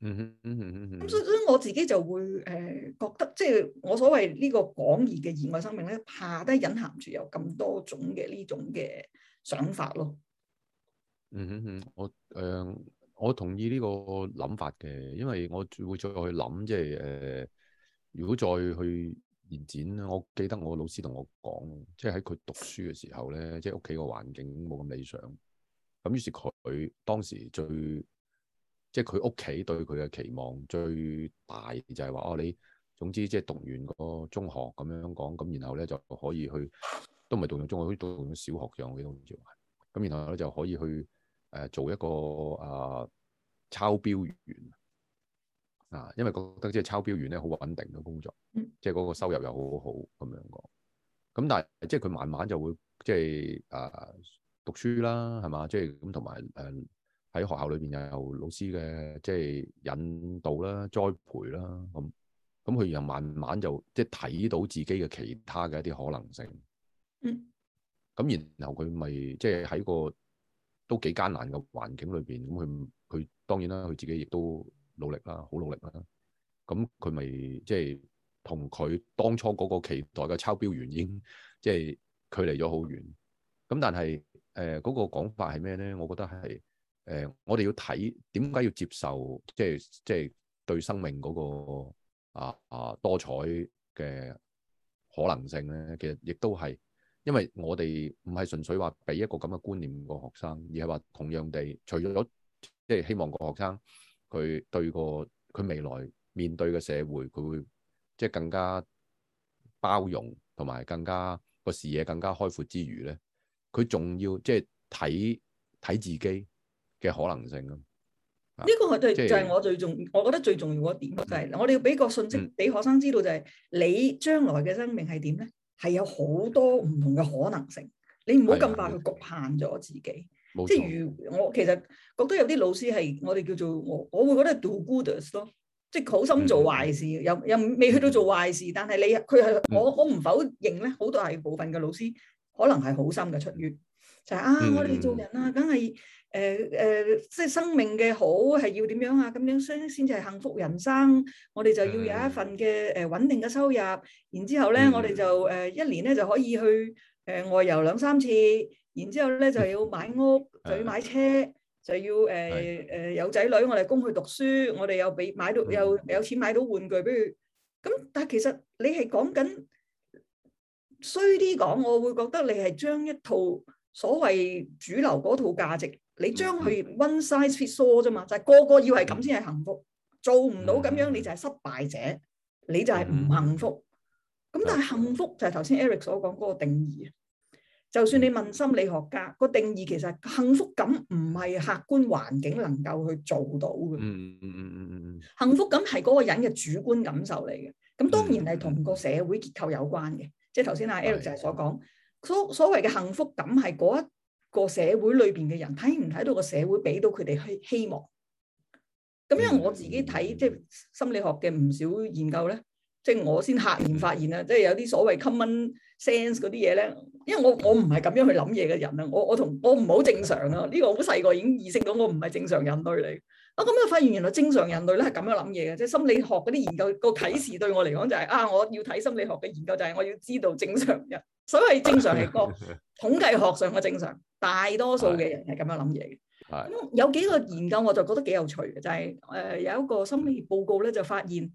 嗯哼嗯哼嗯嗯。咁所以我自己就會誒、呃、覺得，即係我所謂呢個廣義嘅意外生命咧，怕都隱含住有咁多種嘅呢種嘅想法咯。嗯嗯嗯，我誒。呃我同意呢個諗法嘅，因為我會再去諗，即係誒，如果再去延展咧，我記得我老師同我講，即係喺佢讀書嘅時候咧，即係屋企個環境冇咁理想，咁於是佢當時最即係佢屋企對佢嘅期望最大就係話哦，你總之即係讀完個中學咁樣講，咁然後咧就可以去都唔係讀完中學，好似讀完小學樣嘅，好似話咁，然後咧就可以去。誒，做一個誒、啊、抄錶員啊，因為覺得即係抄錶員咧好穩定嘅工作，即係嗰個收入又好好咁樣講。咁但係即係佢慢慢就會即係誒讀書啦，係嘛？即係咁同埋誒喺學校裏邊又有老師嘅即係引導啦、栽培啦，咁咁佢又慢慢就即係睇到自己嘅其他嘅一啲可能性。嗯，咁然後佢咪即係喺個。都幾艱難嘅環境裏邊，咁佢佢當然啦，佢自己亦都努力啦，好努力啦。咁佢咪即係同佢當初嗰個期待嘅超標準已經，即係距離咗好遠。咁但係誒嗰個講法係咩咧？我覺得係誒、呃、我哋要睇點解要接受，即係即係對生命嗰個啊啊多彩嘅可能性咧，其實亦都係。因為我哋唔係純粹話俾一個咁嘅觀念個學生，而係話同樣地，除咗即係希望個學生佢對個佢未來面對嘅社會，佢會即係更加包容，同埋更加個視野更加開闊之餘咧，佢仲要即係睇睇自己嘅可能性咯。呢個係就係我最重要，就是、我覺得最重要一點就係我哋要俾個信息俾學生知道，就係你將來嘅生命係點咧，係有好多唔同嘅可能性，你唔好咁快去局限咗自己。即係如我其實覺得有啲老師係我哋叫做我，我會覺得係 do gooders 咯，即係好心做壞事，嗯、又又未去到做壞事，但係你佢係我我唔否認咧，好多係部分嘅老師可能係好心嘅出於。嗯就係啊！我哋做人啊，梗係誒誒，即係生命嘅好係要點樣啊？咁樣先先至係幸福人生。我哋就要有一份嘅誒的、呃、穩定嘅收入，然之後咧，的我哋就誒、呃、一年咧就可以去誒、呃、外遊兩三次。然之後咧，就要買屋，的就要買車，就要誒誒、呃的呃、有仔女，我哋供佢讀書，我哋又俾買到的有有錢買到玩具，俾佢咁。但係其實你係講緊衰啲講，我會覺得你係將一套。所謂主流嗰套價值，你將佢 one size fits all 啫嘛，就係、是、個個要係咁先係幸福，做唔到咁樣你就係失敗者，你就係唔幸福。咁但係幸福就係頭先 Eric 所講嗰個定義，就算你問心理學家、嗰個定義，其實幸福感唔係客觀環境能夠去做到嘅。嗯嗯嗯嗯嗯，幸福感係嗰個人嘅主觀感受嚟嘅，咁當然係同個社會結構有關嘅，即係頭先阿 Eric 就係所講。所所謂嘅幸福感係嗰一個社會裏邊嘅人睇唔睇到個社會俾到佢哋希希望？咁因為我自己睇即係心理學嘅唔少研究咧，即係我先赫然發現啦，即係有啲所謂 common sense 嗰啲嘢咧。因為我我唔係咁樣去諗嘢嘅人啦，我我同我唔好正常啊！呢個好細個已經意識到我唔係正常人類嚟。啊咁啊，發現原來正常人類咧係咁樣諗嘢嘅，即係心理學嗰啲研究個啟示對我嚟講就係啊，我要睇心理學嘅研究，就係我要知道正常人。所謂正常係個統， 統計學上嘅正常，大多數嘅人係咁樣諗嘢嘅。咁的有幾個研究我就覺得幾有趣嘅，就係、是、誒、呃、有一個心理報告咧，就發現誒、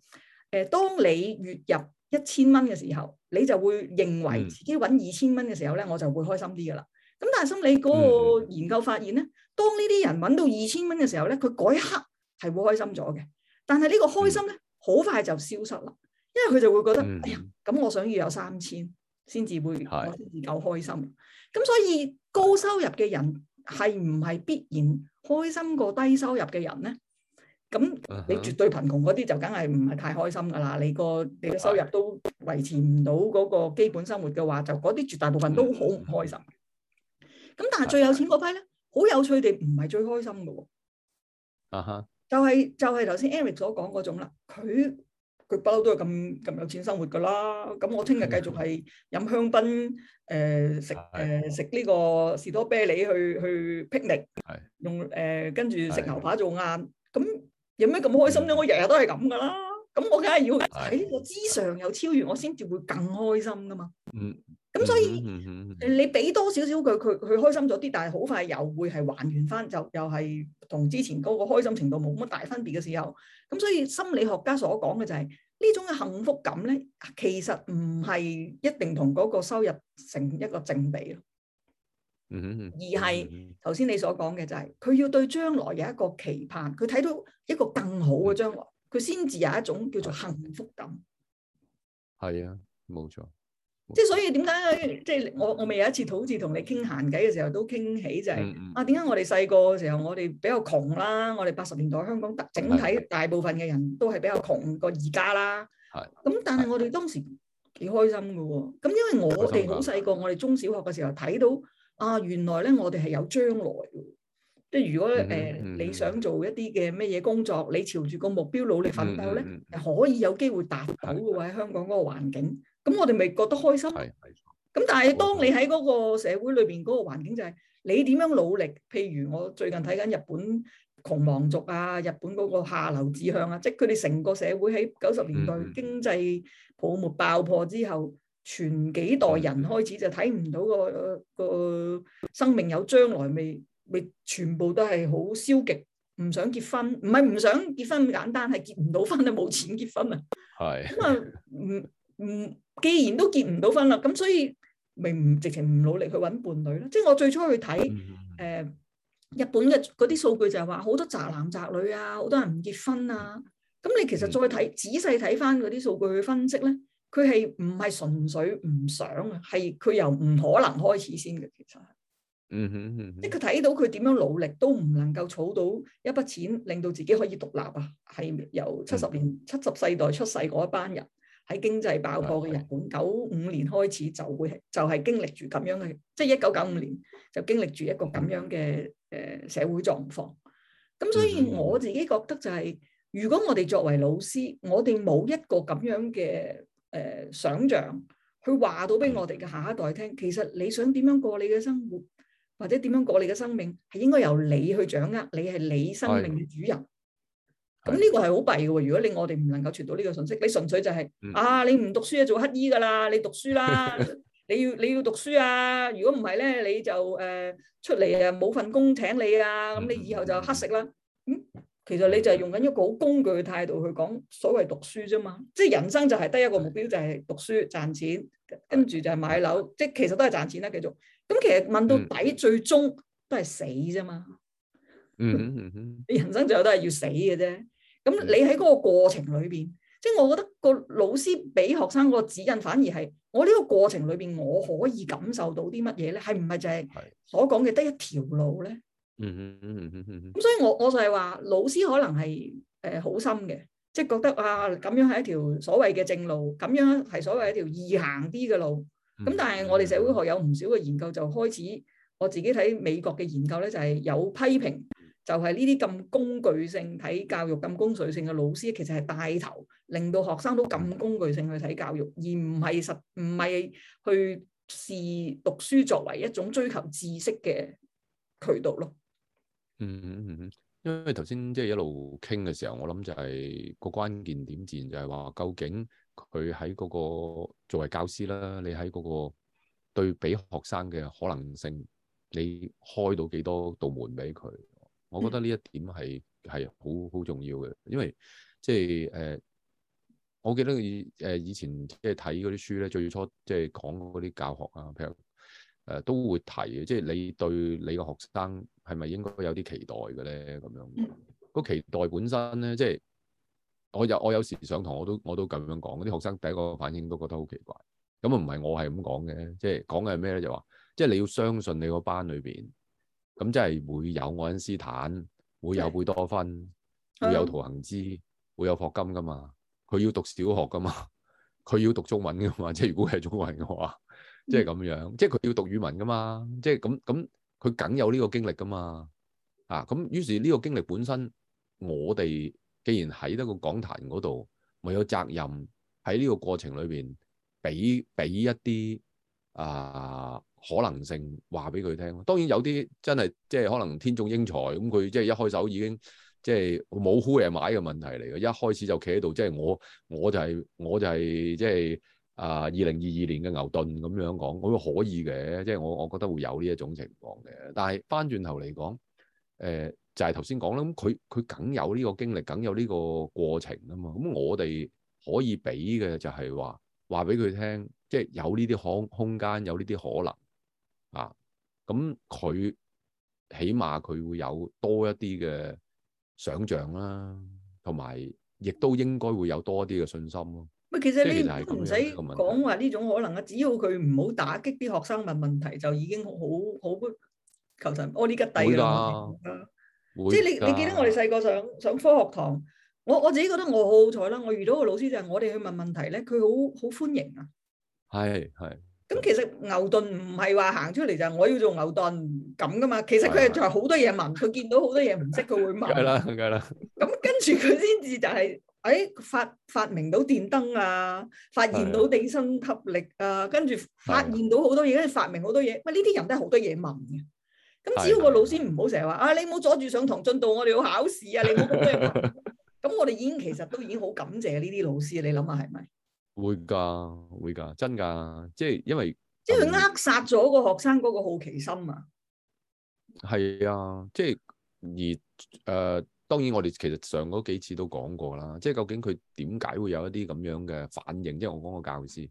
呃、當你月入一千蚊嘅時候，你就會認為自己揾二千蚊嘅時候咧，我就會開心啲㗎啦。咁但係心理嗰個研究發現咧，當呢啲人揾到二千蚊嘅時候咧，佢嗰一刻係會開心咗嘅，但係呢個開心咧好、嗯、快就消失啦，因為佢就會覺得，嗯、哎呀，咁我想要有三千。先至會係，先至夠開心，咁所以高收入嘅人係唔係必然開心過低收入嘅人咧？咁你絕對貧窮嗰啲就梗係唔係太開心噶啦？你個你嘅收入都維持唔到嗰個基本生活嘅話，就嗰啲絕大部分都好唔開心。咁但係最有錢嗰批咧，好有趣地唔係最開心㗎喎。啊哈！就係、係、就係頭先 Eric 所講嗰種啦，佢。佢不嬲都係咁咁有錢生活㗎啦，咁我聽日繼續係飲香檳，誒食誒食呢個士多啤梨去去劈力，泥、呃，用誒跟住食牛扒做晏。咁有咩咁開心啫？我日日都係咁㗎啦。咁我梗係要喺呢個之上有超越，我先至會更開心噶嘛。咁所以你俾多少少佢，佢佢開心咗啲，但係好快又會係還原翻，就又係同之前嗰個開心程度冇乜大分別嘅時候。咁所以心理學家所講嘅就係呢種嘅幸福感咧，其實唔係一定同嗰個收入成一個正比咯。而係頭先你所講嘅就係，佢要對將來有一個期盼，佢睇到一個更好嘅將來。佢先至有一種叫做幸福感，係啊，冇錯。錯即係所以點解？即、就、係、是、我我未有一次好似同你傾閒偈嘅時候都傾起就係、是嗯嗯、啊，點解我哋細個嘅時候我哋比較窮啦？我哋八十年代香港特整體大部分嘅人都係比較窮過而家啦。係是。咁但係我哋當時幾開心嘅喎、啊。咁因為我哋好細個，我哋中小學嘅時候睇到啊，原來咧我哋係有將來即係如果誒、呃嗯嗯、你想做一啲嘅咩嘢工作，你朝住個目標努力奮鬥咧，嗯嗯、係可以有機會達到嘅喎。喺是是香港嗰個環境，咁是我哋咪覺得開心。咁但係當你喺嗰個社會裏邊嗰個環境就係你點樣努力。譬如我最近睇緊日本窮忙族啊，日本嗰個下流志向啊，即係佢哋成個社會喺九十年代經濟泡沫爆破之後，全幾代人開始就睇唔到個個生命有將來未。你全部都係好消極，唔想結婚，唔係唔想結婚咁簡單，係結唔到婚就冇錢結婚啊。係咁啊，唔唔，既然都結唔到婚啦，咁所以咪唔直情唔努力去揾伴侶啦。即係我最初去睇，誒、呃，日本嘅嗰啲數據就係話好多宅男宅女啊，好多人唔結婚啊。咁你其實再睇仔細睇翻嗰啲數據去分析咧，佢係唔係純粹唔想，係佢由唔可能開始先嘅，其實係嗯哼 即係佢睇到佢點樣努力都唔能夠儲到一筆錢，令到自己可以獨立啊！係由七十年、七十、嗯、世代出世嗰一班人喺經濟爆破嘅日本，九五、嗯、年開始就會係就係、是、經歷住咁樣嘅，即係一九九五年就經歷住一個咁樣嘅誒、呃、社會狀況。咁所以我自己覺得就係、是，如果我哋作為老師，我哋冇一個咁樣嘅誒、呃、想象去話到俾我哋嘅下一代聽，嗯、其實你想點樣過你嘅生活？或者點樣過你嘅生命係應該由你去掌握，你係你生命嘅主人。咁呢的個係好弊嘅喎！如果你我哋唔能夠傳到呢個信息，你純粹就係、是嗯、啊，你唔讀書就做乞衣㗎啦！你讀書啦， 你要你要讀書啊！如果唔係咧，你就誒、呃、出嚟啊冇份工請你啊！咁你以後就乞食啦。咁、嗯、其實你就係用緊一個好工具嘅態度去講所謂讀書啫嘛。即係人生就係得一個目標，就係、是、讀書賺錢，跟住就係買樓。即係其實都係賺錢啦，繼續。咁其實問到底、嗯、最終都係死啫嘛、嗯，嗯你、嗯、人生最後都係要死嘅啫。咁你喺嗰個過程裏邊，即係、嗯、我覺得個老師俾學生嗰個指引，反而係我呢個過程裏邊，我可以感受到啲乜嘢咧？係唔係就係所講嘅得一條路咧、嗯？嗯嗯嗯嗯嗯。咁、嗯嗯嗯、所以我我就係話，老師可能係誒、呃、好心嘅，即、就、係、是、覺得啊咁樣係一條所謂嘅正路，咁樣係所謂一條易行啲嘅路。咁、嗯嗯、但係我哋社會學有唔少嘅研究就開始，我自己睇美國嘅研究咧就係有批評，就係呢啲咁工具性睇教育咁、嗯、工具性嘅老師，其實係帶頭令到學生都咁工具性去睇教育，而唔係實唔係去視讀書作為一種追求知識嘅渠道咯。嗯嗯嗯，因為頭先即係一路傾嘅時候，我諗就係個關鍵點自然就係話究竟。佢喺嗰個作為教師啦，你喺嗰個對比學生嘅可能性，你開到幾多道門俾佢？我覺得呢一點係係好好重要嘅，因為即係誒，我記得以誒以前即係睇嗰啲書咧，最初即係講嗰啲教學啊，譬如誒、呃，都會提，即係你對你個學生係咪應該有啲期待嘅咧？咁樣個期待本身咧，即係。我有我有時上堂我都我都咁樣講，啲學生第一個反應都覺得好奇怪。咁啊唔係我係咁講嘅，即係講嘅係咩咧？就話即係你要相信你個班裏邊，咁即係會有愛因斯坦，會有貝多芬，會有陶行知，會有霍金噶嘛？佢要讀小學噶嘛？佢要讀中文噶嘛？即係如果係中文嘅話，即係咁樣，嗯、即係佢要讀語文噶嘛？即係咁咁，佢梗有呢個經歷噶嘛？啊咁，於是呢個經歷本身我哋。既然喺得個講壇嗰度，咪有責任喺呢個過程裏邊，俾俾一啲啊、呃、可能性話俾佢聽。當然有啲真係即係可能天縱英才，咁、嗯、佢即係一開手已經即係冇呼嘢買嘅問題嚟嘅。一開始就企喺度，即係我我就係、是、我就係、是、即係啊二零二二年嘅牛頓咁樣講，我都可以嘅，即係我我覺得會有呢一種情況嘅。但係翻轉頭嚟講，誒、呃。就係頭先講啦，咁佢佢梗有呢個經歷，梗有呢個過程啊嘛。咁我哋可以俾嘅就係話話俾佢聽，即係有呢啲空空間，有呢啲可能啊。咁佢起碼佢會有多一啲嘅想像啦，同埋亦都應該會有多一啲嘅信心咯。唔係，其實你其實都唔使講話呢種可能啊，只要佢唔好打擊啲學生問問題，就已經好好求神。我呢家底啦。即係你，家你記得我哋細個上上科學堂，我我自己覺得我好好彩啦。我遇到個老師就係我哋去問問題咧，佢好好歡迎啊。係係。咁其實牛頓唔係話行出嚟，就係我要做牛頓咁噶嘛，其實佢係就係好多嘢問，佢見到好多嘢唔識，佢會問。係啦，係啦。咁跟住佢先至就係、是，誒、哎、發發明到電燈啊，發現到地心吸力啊，的跟住發現到好多嘢，跟住發明好多嘢。喂的，呢啲的人都係好多嘢問嘅。咁只要個老師唔好成日話啊，你唔好阻住上堂進度，我哋要考試啊，你冇咁咩咁， 我哋已經其實都已經好感謝呢啲老師，你諗下係咪？會噶，會噶，真噶，即係因為即係佢扼殺咗個學生嗰個好奇心啊！係、嗯、啊，即係而誒、呃，當然我哋其實上嗰幾次都講過啦，即係究竟佢點解會有一啲咁樣嘅反應？即係我講個教師，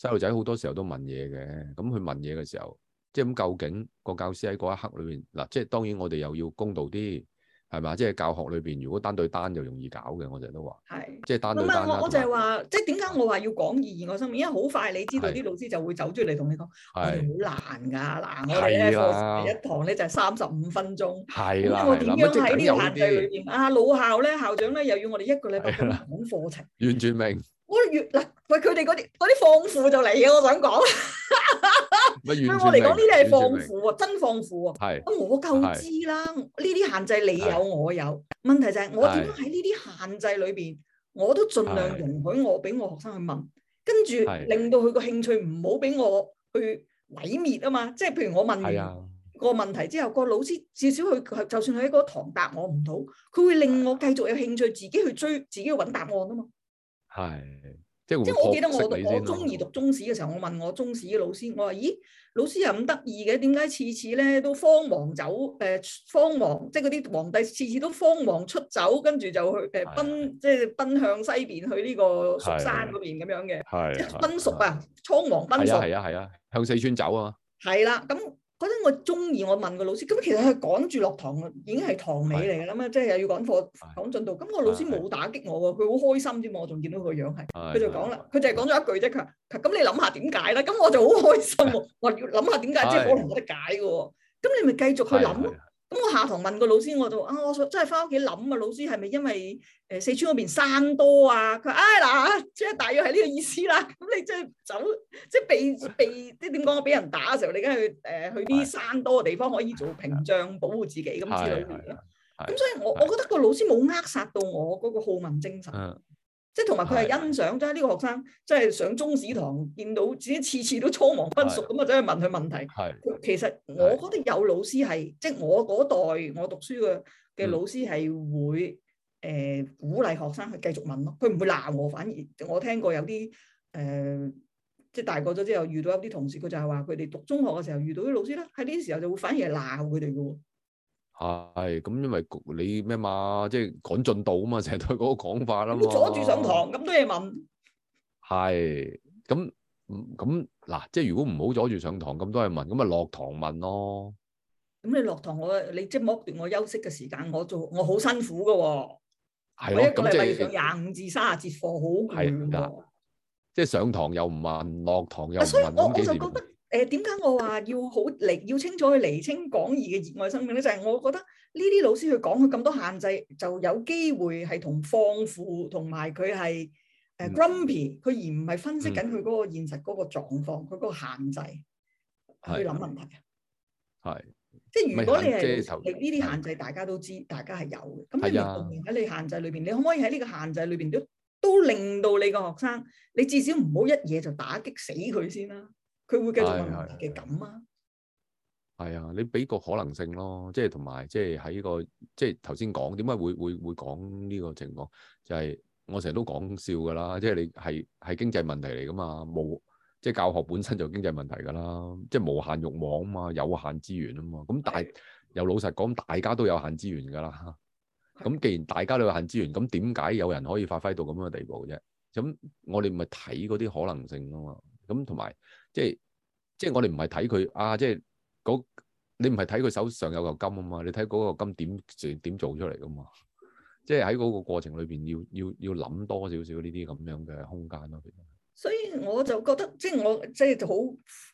細路仔好多時候都問嘢嘅，咁佢問嘢嘅時候。即係咁，究竟個教師喺嗰一刻裏邊嗱，即係當然我哋又要公道啲，係嘛？即係教學裏邊，如果單對單就容易搞嘅，我哋都話係，即係單對單。咁啊，我我就係話，即係點解我話要講意義我心諗？因為好快你知道啲老師就會走出嚟同你講，係好難㗎嗱，我哋嘅課第一堂咧就係三十五分鐘，係啦，咁我點樣喺呢個限制裏邊？啊，老校咧，校長咧又要我哋一個禮拜講課程，完全明。我越嗱，喂，佢哋嗰啲啲放負就嚟嘅，我想講，對 我嚟講呢啲係放負啊，真放負啊。咁是我夠知啦，呢啲是限制你有是我有，問題就係、是、是我點樣喺呢啲限制裏邊，我都盡量容許我俾我學生去問，跟住令到佢個興趣唔好俾我去毀滅啊嘛。即係譬如我問個問題之後，個老師至少佢就算佢喺嗰堂答我唔到，佢會令我繼續有興趣自己去追，自己去搵答案啊嘛。係，即係我記得我讀我中二讀中史嘅時候，我問我中史嘅老師，我話：咦，老師又咁得意嘅，點解次次咧都慌忙走？誒、呃，慌忙，即係嗰啲皇帝次次都慌忙出走，跟住就去誒奔，是是是即係奔向西邊去呢個蜀山嗰邊咁樣嘅，是是是即奔蜀啊，倉皇奔蜀啊，係啊係啊，向四川走啊，係啦，咁。嗰陣我中意我問個老師，咁其實佢趕住落堂，已經係堂尾嚟㗎啦嘛，即係又要講課講進度。咁個老師冇打擊我喎，佢好開心啫嘛，我仲見到佢個樣係，佢就講啦，佢淨係講咗一句啫，佢話，咁你諗下點解啦？咁我就好開心喎，話要諗下點解，即係可能有得解嘅，咁你咪繼續去諗。咁我下堂問個老師我就啊，我真想真係翻屋企諗啊，老師係咪因為誒四川嗰邊山多啊？佢唉嗱，即、哎、係大約係呢個意思啦。咁你即係走，即係避避，即係點講？我俾人打嘅時候，你梗係去誒、呃、去啲山多嘅地方可以做屏障保護自己咁之類啦。咁所以我我覺得個老師冇扼殺到我嗰、那個好問精神。即係同埋佢係欣賞啫，呢的個學生即係、就是、上中史堂見到，自己次次都匆忙不熟咁啊，走去的問佢問題。係的，其實我覺得有老師係，即、就、係、是、我嗰代我讀書嘅嘅老師係會誒的、呃、鼓勵學生去繼續問咯。佢唔會鬧我，反而我聽過有啲誒、呃，即係大個咗之後遇到一啲同事，佢就係話佢哋讀中學嘅時候遇到啲老師咧，喺呢啲時候就會反而係鬧佢哋嘅。係，咁、哎、因為你咩嘛，即係趕進度啊嘛，成日都係嗰個講法啊嘛，阻住上堂咁多嘢問，係，咁咁嗱，即係如果唔好阻住上堂咁多嘢問，咁咪落堂問咯。咁你落堂我，你即係剝奪我休息嘅時間，我做我好辛苦噶、哦。係咯、啊，一個禮拜廿五至卅節課、哦，好緊、啊。即係上堂又唔問，落堂又唔問，咁幾年？誒，點解我話要好嚟要清楚去厘清廣義嘅熱愛生命咧？就係、是、我覺得呢啲老師去講佢咁多限制，就有機會係同放負同埋佢係誒 grumpy，佢而唔係分析緊佢嗰個現實嗰個狀況，佢嗰、嗯、個限制、嗯、去諗問題啊。係即係是如果你係呢啲限制，大家都知，啊大家都知，大家係有嘅。咁你喺你限制裏邊，啊、你可唔可以喺呢個限制裏邊都都令到你個學生，你至少唔好一嘢就打擊死佢先啦。佢會繼續問嘅感啊，係啊，你俾個可能性咯，即係同埋即係喺個即係頭先講點解會會會講呢個情況，就係我成日都講笑㗎啦，即係你係係經濟問題嚟㗎嘛，冇即係教學本身就經濟問題㗎啦，即係無限慾望啊嘛，有限資源啊嘛，咁大又老實講，大家都有限資源㗎啦，咁既然大家都有限資源，咁點解有人可以發揮到咁樣嘅地步啫？咁我哋咪睇嗰啲可能性啊嘛，咁同埋。即係即係我哋唔係睇佢啊！即係你唔係睇佢手上有嚿金啊嘛，你睇嗰嚿金點點做出嚟噶嘛？即係喺嗰個過程裏邊，要要要諗多少少呢啲咁樣嘅空間咯。所以我就覺得，即係我即係就好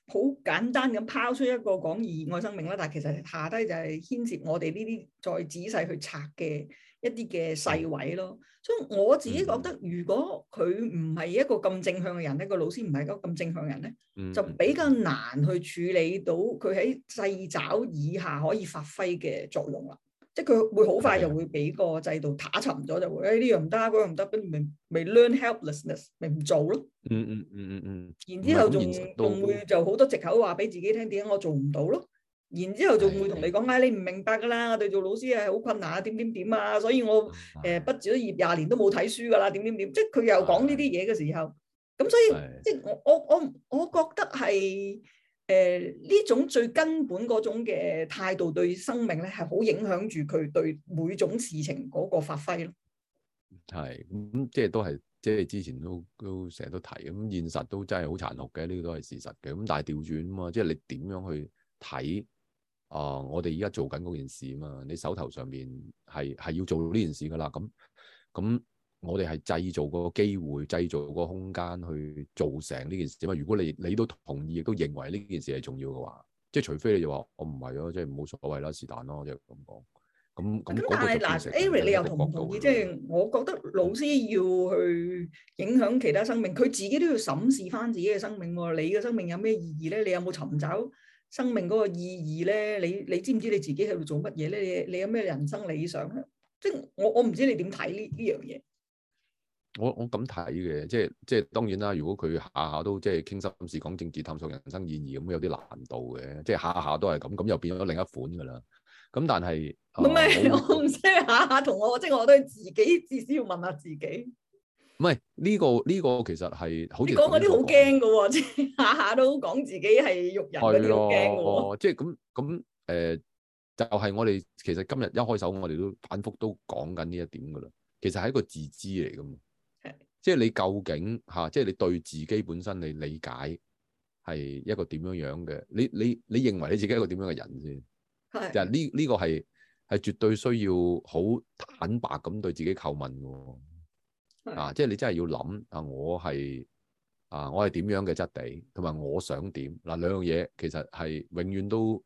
好簡單咁拋出一個講外星生命啦，但係其實下低就係牽涉我哋呢啲再仔細去拆嘅。一啲嘅細位咯，所以我自己覺得，如果佢唔係一個咁正向嘅人咧，個、嗯、老師唔係一個咁正向嘅人咧，嗯、就比較難去處理到佢喺細爪以下可以發揮嘅作用啦。即係佢會好快就會俾個制度打沉咗，嗯、就誒呢樣唔得，嗰樣唔得，跟住咪咪 learn helplessness，咪唔做咯。嗯嗯嗯嗯嗯。嗯嗯嗯然之後仲仲會就好多藉口話俾自己聽，點解我做唔到咯。然之後就會同你講，唉的、啊，你唔明白噶啦，我哋做老師係好困難啊，點點點啊！所以我誒畢咗業廿年都冇睇書噶啦，點點點。即係佢又講呢啲嘢嘅時候，咁的所以即係我我我我覺得係誒呢種最根本嗰種嘅態度對生命咧，係好影響住佢對每種事情嗰個發揮咯。係咁、嗯，即係都係即係之前都都成日都提咁、嗯、現實都真係好殘酷嘅，呢、這個都係事實嘅。咁但係調轉啊嘛，即係你點樣去睇？啊！Uh, 我哋而家做緊嗰件事嘛，你手頭上面係係要做呢件事噶啦，咁咁我哋係製造個機會，製造個空間去做成呢件事嘛。如果你你都同意，亦都認為呢件事係重要嘅話，即係除非你話我唔係咯，即係冇所謂啦，是但咯，就咁講。咁咁，但係嗱，Eric 你又同唔同意？即係我覺得老師要去影響其他生命，佢自己都要審視翻自己嘅生命喎。你嘅生命有咩意義咧？你有冇尋找？生命嗰個意義咧，你你知唔知你自己喺度做乜嘢咧？你你有咩人生理想咧？即係我我唔知你點睇呢呢樣嘢。我我咁睇嘅，即係即係當然啦。如果佢下下都即係傾心事、講政治、探索人生意義咁，有啲難度嘅。即係下下都係咁，咁又變咗另一款噶啦。咁但係，咁咩不、呃？我唔識下下同我，即係我都自己至少要問下自己。唔係呢個呢、這個其實係好、哦，講嗰啲好驚噶喎，即係下下都講自己係辱人嗰啲、哦的，好驚喎。即係咁咁，誒、呃，就係、是、我哋其實今日一開手，我哋都反覆都講緊呢一點噶啦。其實係一個自知嚟噶嘛，即係的你究竟吓，即、啊、係、就是、你對自己本身你理解係一個點樣樣嘅？你你你認為你自己係一個點樣嘅人先？係的就呢呢、這個係係絕對需要好坦白咁對自己叩問、哦。啊！即係你真係要諗啊，我係啊，我係點樣嘅質地，同埋我想點嗱，兩樣嘢其實係永遠都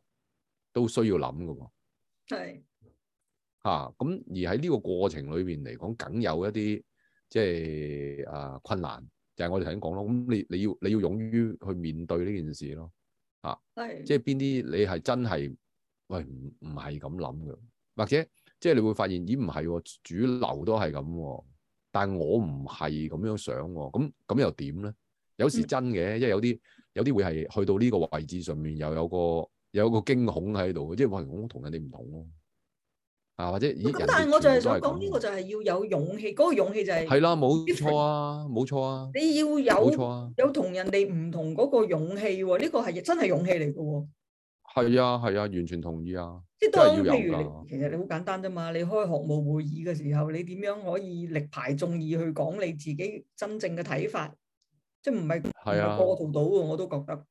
都需要諗噶。係吓咁而喺呢個過程裏邊嚟講，梗有一啲即係啊困難，就係、是、我哋頭先講咯。咁你你要你要勇於去面對呢件事咯。吓、啊、係是、啊、即係邊啲你係真係喂唔唔係咁諗噶，或者即係你會發現咦唔係、啊、主流都係咁、啊。但係我唔係咁樣想喎，咁咁又點咧？有時真嘅，因為有啲有啲會係去到呢個位置上面，又有個有一個驚恐喺度，即係我同人哋唔同咯，啊或者咁。但係我就係想講呢個就係要有勇氣，嗰個勇氣就係係啦，冇錯啊，冇錯啊。你要有有同人哋唔同嗰個勇氣喎，呢個係真係勇氣嚟嘅喎。係啊，係啊，完全同意啊！即係當要有譬如你，其實你好簡單啫嘛。你開學務會議嘅時候，你點樣可以力排眾議去講你自己真正嘅睇法？即係唔係過度到嘅，我都覺得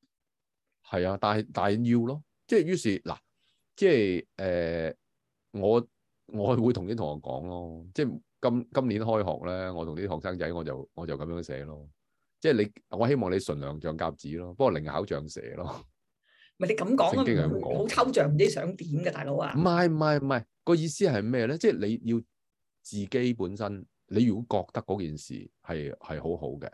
係啊。但係但係要咯，即係於是嗱，即係誒、呃，我我會同啲同學講咯。即係今今年開學咧，我同啲學生仔，我就我就咁樣寫咯。即係你，我希望你純良像鴿子咯，不過靈巧像蛇咯。係你咁講好抽象，唔知想點嘅大佬啊？唔係唔係唔係，個意思係咩咧？即係你要自己本身，你如果覺得嗰件事係係好好嘅，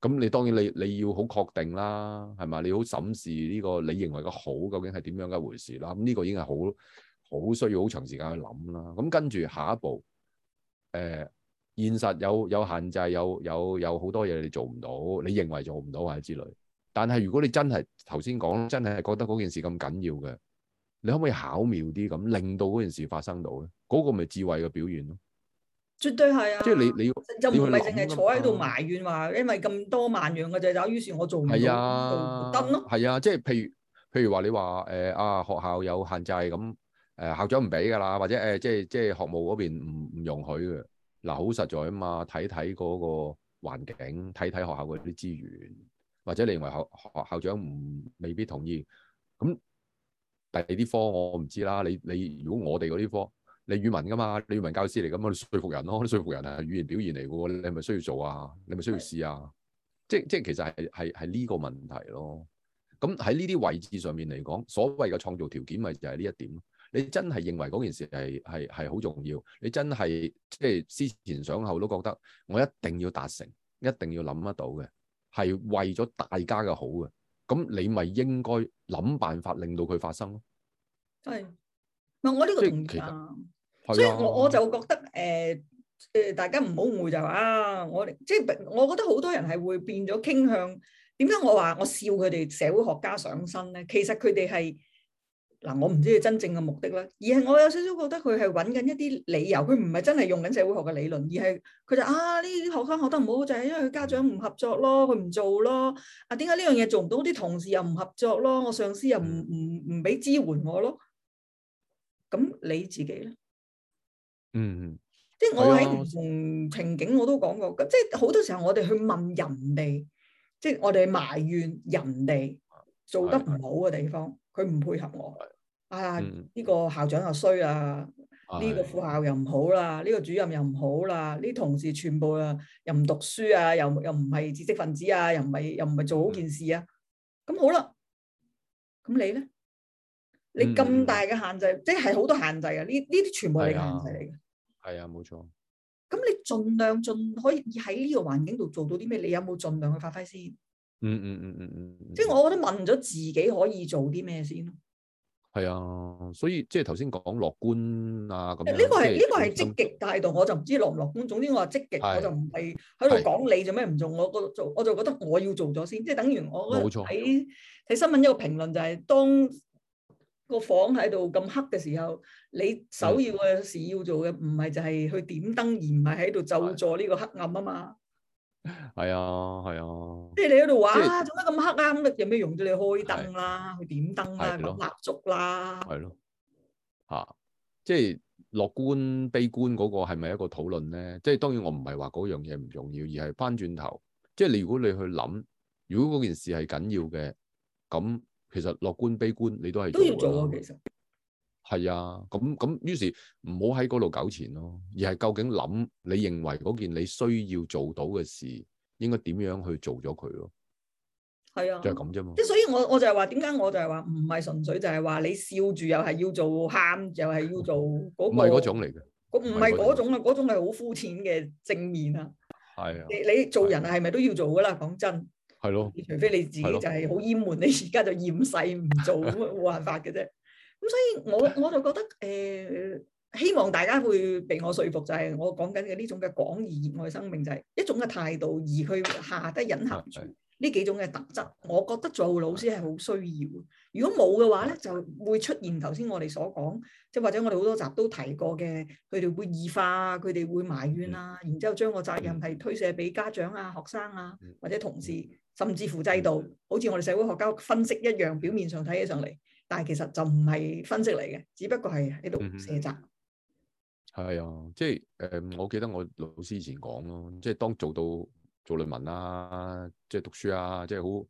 咁你當然你你要好確定啦，係咪？你好審視呢個你認為嘅好究竟係點樣嘅一回事啦。咁呢個已經係好好需要好長時間去諗啦。咁跟住下一步，誒，現實有有限制有，有有有好多嘢你做唔到，你認為做唔到或者之類。但係如果你真係頭先講，真係覺得嗰件事咁緊要嘅，你可唔可以巧妙啲咁令到嗰件事發生到咧？嗰、嗰個咪智慧嘅表現咯，絕對係啊！即係你你就唔係淨係坐喺度埋怨話，因為咁多萬樣嘅嘢，就於是我做唔到得咯。係啊，即係譬如譬如話你話誒啊學校有限制咁誒、呃、校長唔俾噶啦，或者誒、呃、即係即係學務嗰邊唔唔容許嘅嗱，好、啊、實在啊嘛，睇睇嗰個環境，睇睇學校嗰啲資源。或者你認為校校長唔未必同意，咁第啲科我唔知啦。你你如果我哋嗰啲科，你語文㗎嘛，你語文教師嚟㗎嘛，說服人咯，說服人係語言表現嚟㗎喎，你係咪需要做啊？你咪需要試啊？的即即其實係係係呢個問題咯。咁喺呢啲位置上面嚟講，所謂嘅創造條件咪就係呢一點咯。你真係認為嗰件事係係係好重要，你真係即係思前想後都覺得我一定要達成，一定要諗得到嘅。係為咗大家嘅好嘅，咁你咪應該諗辦法令到佢發生咯。係，係我呢個同價，其實所以我我就覺得誒，誒、啊呃呃，大家唔好誤會就話啊，我即係我覺得好多人係會變咗傾向，點解我話我笑佢哋社會學家上身咧？其實佢哋係。嗱，我唔知佢真正嘅目的啦，而係我有少少覺得佢係揾緊一啲理由，佢唔係真係用緊社會學嘅理論，而係佢就啊呢啲學生學得唔好就係因為佢家長唔合作咯，佢唔做咯。啊，點解呢樣嘢做唔到？啲同事又唔合作咯，我上司又唔唔唔俾支援我咯。咁你自己咧？嗯，即係我喺唔的同情景我都講過，咁即係好多時候我哋去問人哋，即係我哋埋怨人哋做得唔好嘅地方。佢唔配合我，啊呢、嗯、個校長又衰啊，呢、啊、個副校又唔好啦，呢、啊、個主任又唔好啦，啲同事全部啊又唔讀書啊，又又唔係知識分子啊，又唔係又唔係做好件事啊，咁、嗯、好啦，咁你咧，你咁大嘅限制，嗯、即係好多限制，限制啊，呢呢啲全部係你嘅限制嚟嘅。係啊，冇錯。咁你盡量盡可以喺呢個環境度做到啲咩？你有冇盡量去發揮先？嗯嗯嗯嗯嗯，嗯嗯嗯即係，我覺得問咗自己可以做啲咩先咯，係啊，所以即係頭先講樂觀啊咁，呢個係呢是個係積極態度，我就唔知樂唔樂觀。總之我話積極，是我就唔係喺度講你做咩唔做，我覺做我就覺得我要做咗先，即係等於我喺喺錯睇新聞一個評論就係、是、當個房喺度咁黑嘅時候，你首要嘅事要做嘅唔係就係去點燈而是，而唔係喺度就助呢個黑暗啊嘛。係啊，係啊，即係你喺度話啊，做咩咁黑啊，咁有咩用啫？你開燈啦，去點燈啦，落蠟燭啦，係咯，吓，即係樂觀悲觀嗰個係咪一個討論咧？即係當然我唔係話嗰樣嘢唔重要，而係翻轉頭，即係如果你去諗，如果嗰件事係緊要嘅，咁其實樂觀悲觀你都係要做，其實。係啊，咁咁，於是唔好喺嗰度糾纏咯，而係究竟諗你認為嗰件你需要做到嘅事，應該點樣去做咗佢咯？係啊，就係咁啫嘛。即係所以我我就係話，點解我就係話唔係純粹就係話你笑住又係要做，喊又係要做嗰個。唔係嗰種嚟嘅。我唔係嗰種啊，嗰種係好膚淺嘅正面啊。係啊，你你做人係咪都要做㗎喇？講真。係咯。除非你自己就係好厭悶，你而家就厭世唔做，冇辦法嘅啫。咁、嗯、所以我，我我就覺得，誒、呃、希望大家會被我説服，就係我講緊嘅呢種嘅廣義熱愛生命，就係、是、一種嘅態度，而佢下底隱含住呢幾種嘅特質。我覺得做老師係好需要，如果冇嘅話咧，就會出現頭先我哋所講，即係或者我哋好多集都提過嘅，佢哋會異化，佢哋會埋怨啊，然之後將個責任係推卸俾家長啊、學生啊或者同事，甚至乎制度，好似我哋社會學家分析一樣，表面上睇起上嚟。但係其實就唔係分析嚟嘅，只不過係喺度卸責。係、嗯、啊，即係誒、呃，我記得我老師以前講咯，即係當做到做論文啊，即係讀書啊，即係好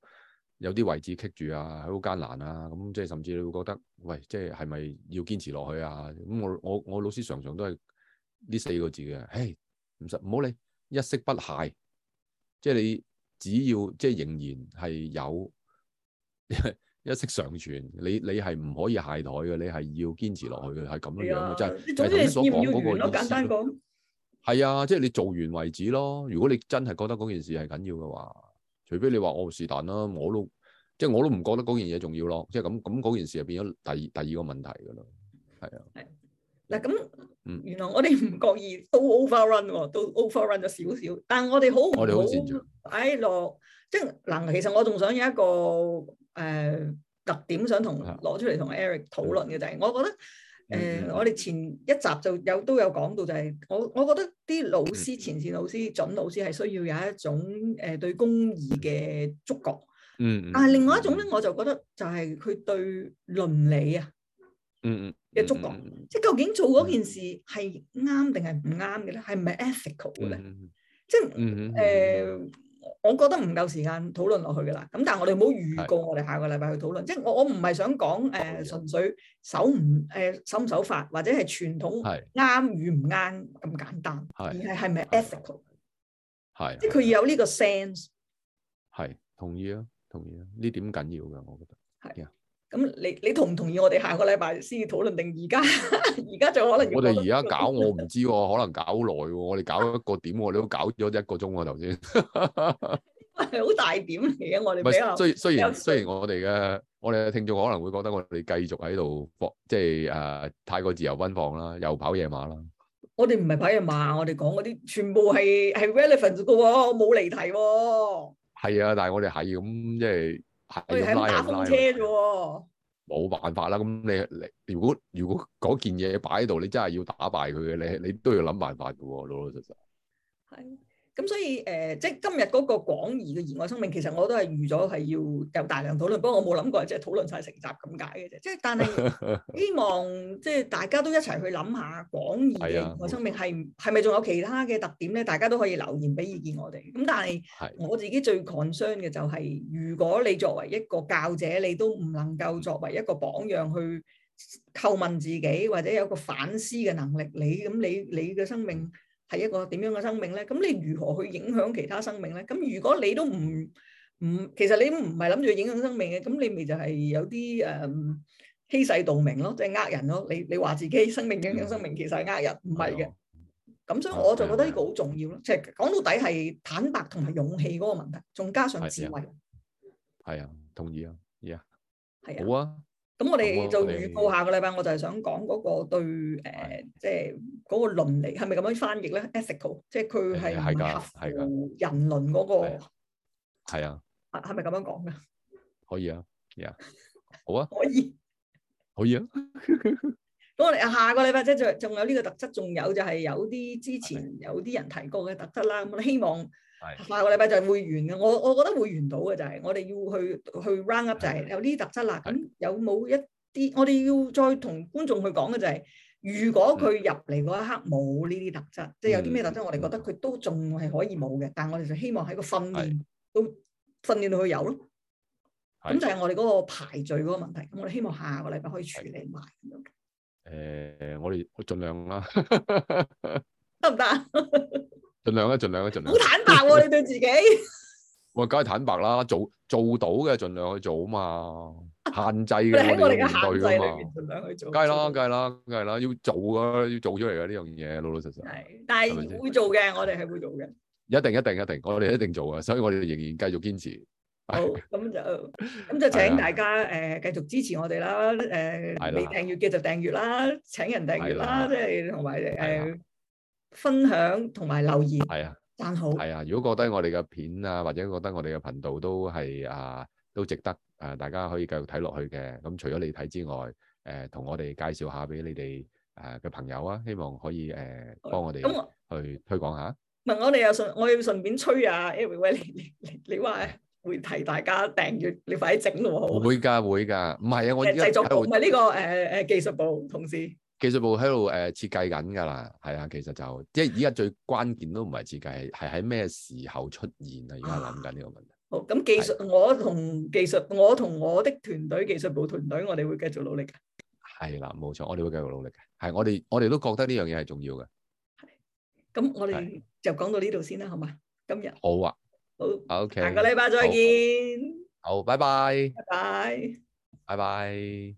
有啲位置棘住啊，好艱難啊，咁、嗯、即係甚至你會覺得，喂，即係係咪要堅持落去啊？咁我我我老師常常都係呢四個字嘅，唉，唔使唔好理，一息不懈，即係你只要即係仍然係有。 一息尚存，你你係唔可以懈怠嘅，你係要堅持落去嘅，係咁 Yeah, 樣樣嘅，真係你總之你所講嗰個，簡單講係啊，即係你做完為止咯。如果你真係覺得嗰件事係緊要嘅話，除非你話我是但啦，我都即係我都唔覺得嗰件嘢重要咯。即係咁咁嗰件事就變咗第二第二個問題噶咯，係啊。嗱咁，原來我哋唔覺意都 overrun，都 overrun 咗少少，但係我哋好我哋好擺落？即係嗱，其實我仲想有一個。誒、呃，特點想同攞出嚟同 Eric 討論嘅就係、是，我覺得誒，我、呃、哋、mm hmm. 前一集就有都有講到就係、是，我我覺得啲老師、mm hmm. 前線老師準老師係需要有一種誒、呃、對公義嘅觸覺，嗯、mm，hmm. 但係另外一種咧，我就覺得就係佢對倫理啊，嗯嘅、mm hmm. 觸覺，即係究竟做嗰件事係啱定係唔啱嘅咧，係唔係 ethical 嘅咧，mm hmm. 即係誒。呃 mm hmm. 我覺得唔夠時間討論落去噶啦，咁但係我哋冇預告我哋下個禮拜去討論，即係我我唔係想講誒，純粹守唔誒，守唔守法或者係傳統啱與唔啱咁簡單，而係係咪 ethical？係即係佢要有呢個 sense。係同意啊，同意啊，呢點緊要嘅，我覺得係。咁你你同唔同意？我哋下個禮拜先討論定，而家而家仲可能。我哋而家搞，我唔知喎、啊，可能搞耐喎、啊。我哋搞一個點喎、啊，你都 搞咗一個鐘喎、啊，頭先係好大點嚟、啊、嘅。我哋比較雖然雖然我哋嘅我哋嘅聽眾可能會覺得我哋繼續喺度放，即係誒太過自由奔放啦、啊，又跑夜馬啦、啊。我哋唔係跑夜馬，我哋講嗰啲全部係係 relevant 噶喎，冇、啊、離題喎、啊。係啊，但係我哋係咁即係。即係要拉車啫，冇辦法啦。咁你你如果如果嗰件嘢擺喺度，你真係要打敗佢嘅，你你都要諗辦法㗎，老老實實。係。咁、嗯、所以誒、呃，即係今日嗰個廣義嘅言外生命，其實我都係預咗係要有大量討論。不過我冇諗過，即係討論晒成集咁解嘅啫。即係，但係 希望即係大家都一齊去諗下廣義嘅言外生命係係咪仲有其他嘅特點咧？大家都可以留言俾意見我哋。咁、嗯、但係我自己最 concern 嘅就係、是，如果你作為一個教者，你都唔能夠作為一個榜樣去叩問自己，或者有個反思嘅能力，你咁你你嘅生命。係一個點樣嘅生命咧？咁你如何去影響其他生命咧？咁如果你都唔唔，其實你唔係諗住影響生命嘅，咁你咪就係有啲誒、嗯、欺世盜名咯，即係呃人咯。你你話自己生命影響生命，嗯、其實係呃人，唔係嘅。咁係啊、所以我就覺得呢個好重要咯，即係講到底係坦白同埋勇氣嗰個問題，仲加上智慧。係啊，同意啊，依、yeah. 家係啊、好啊。咁我哋就預告下個禮拜，啊、我就係想講嗰個對即係嗰個倫理係咪咁樣翻譯咧？ethical，即係佢係唔係合乎人倫嗰、嗰個？係啊，係咪咁樣講噶？可以啊，yeah，好啊， 可以，可以啊。咁我哋下個禮拜即係仲有呢個特質，仲有就係有啲之前有啲人提過嘅特質啦。咁的我希望。的下個禮拜就係會完嘅，我我覺得會完到嘅就係、是，我哋要去去 round up 就係有呢啲特質啦。咁的有冇一啲，我哋要再同觀眾去講嘅就係、是，如果佢入嚟嗰一刻冇呢啲特質，即係、嗯、有啲咩特質，我哋覺得佢都仲係可以冇嘅。嗯、但係我哋就希望喺個訓練的到訓練到佢有咯。咁的就係我哋嗰個排序嗰個問題。咁我哋希望下個禮拜可以處理埋。咁樣嘅。誒、呃，我哋我盡量啦，得唔得啊？盡量啦，盡量啦，盡量。好坦白喎，你對自己。我梗係坦白啦，做做到嘅盡量去做啊嘛。限制嘅喺我哋嘅限制裏面，盡量去做。梗係啦，梗係啦，梗係啦，要做噶，要做出嚟噶，呢樣嘢，老老實實。係，但係會做嘅，我哋係會做嘅。一定，一定，一定，我哋一定做啊！所以我哋仍然繼續堅持。好，咁就咁就請大家誒繼續支持我哋啦。誒，未訂閱嘅就訂閱啦，請人訂閱啦，即係同埋誒。分享同埋留言，係啊，讚好係啊。如果覺得我哋嘅片啊，或者覺得我哋嘅頻道都係啊，都值得誒、啊，大家可以繼續睇落去嘅。咁除咗你睇之外，誒、呃，同我哋介紹下俾你哋誒嘅朋友啊，希望可以誒、呃、幫我哋去、嗯、去推廣下。問我哋又順，我要順便吹啊！喂喂，你你你你話是會提大家訂閱，你快啲整咯！會噶會噶，唔係啊，我製作部。唔係呢個誒誒技術部同事。是技術部喺度誒設計緊噶啦，係啊，其實就即係而家最關鍵都唔係設計，係喺咩時候出現啊？而家諗緊呢個問題。好，咁技術，我同技術，我同我的團隊，技術部團隊，我哋會繼續努力嘅。係啦，冇錯，我哋會繼續努力嘅。係，我哋我哋都覺得呢樣嘢係重要嘅。咁我哋就講到呢度先啦，好嘛？今日好啊，好。O K，下個禮拜再見。好。好，拜拜。拜拜。拜拜。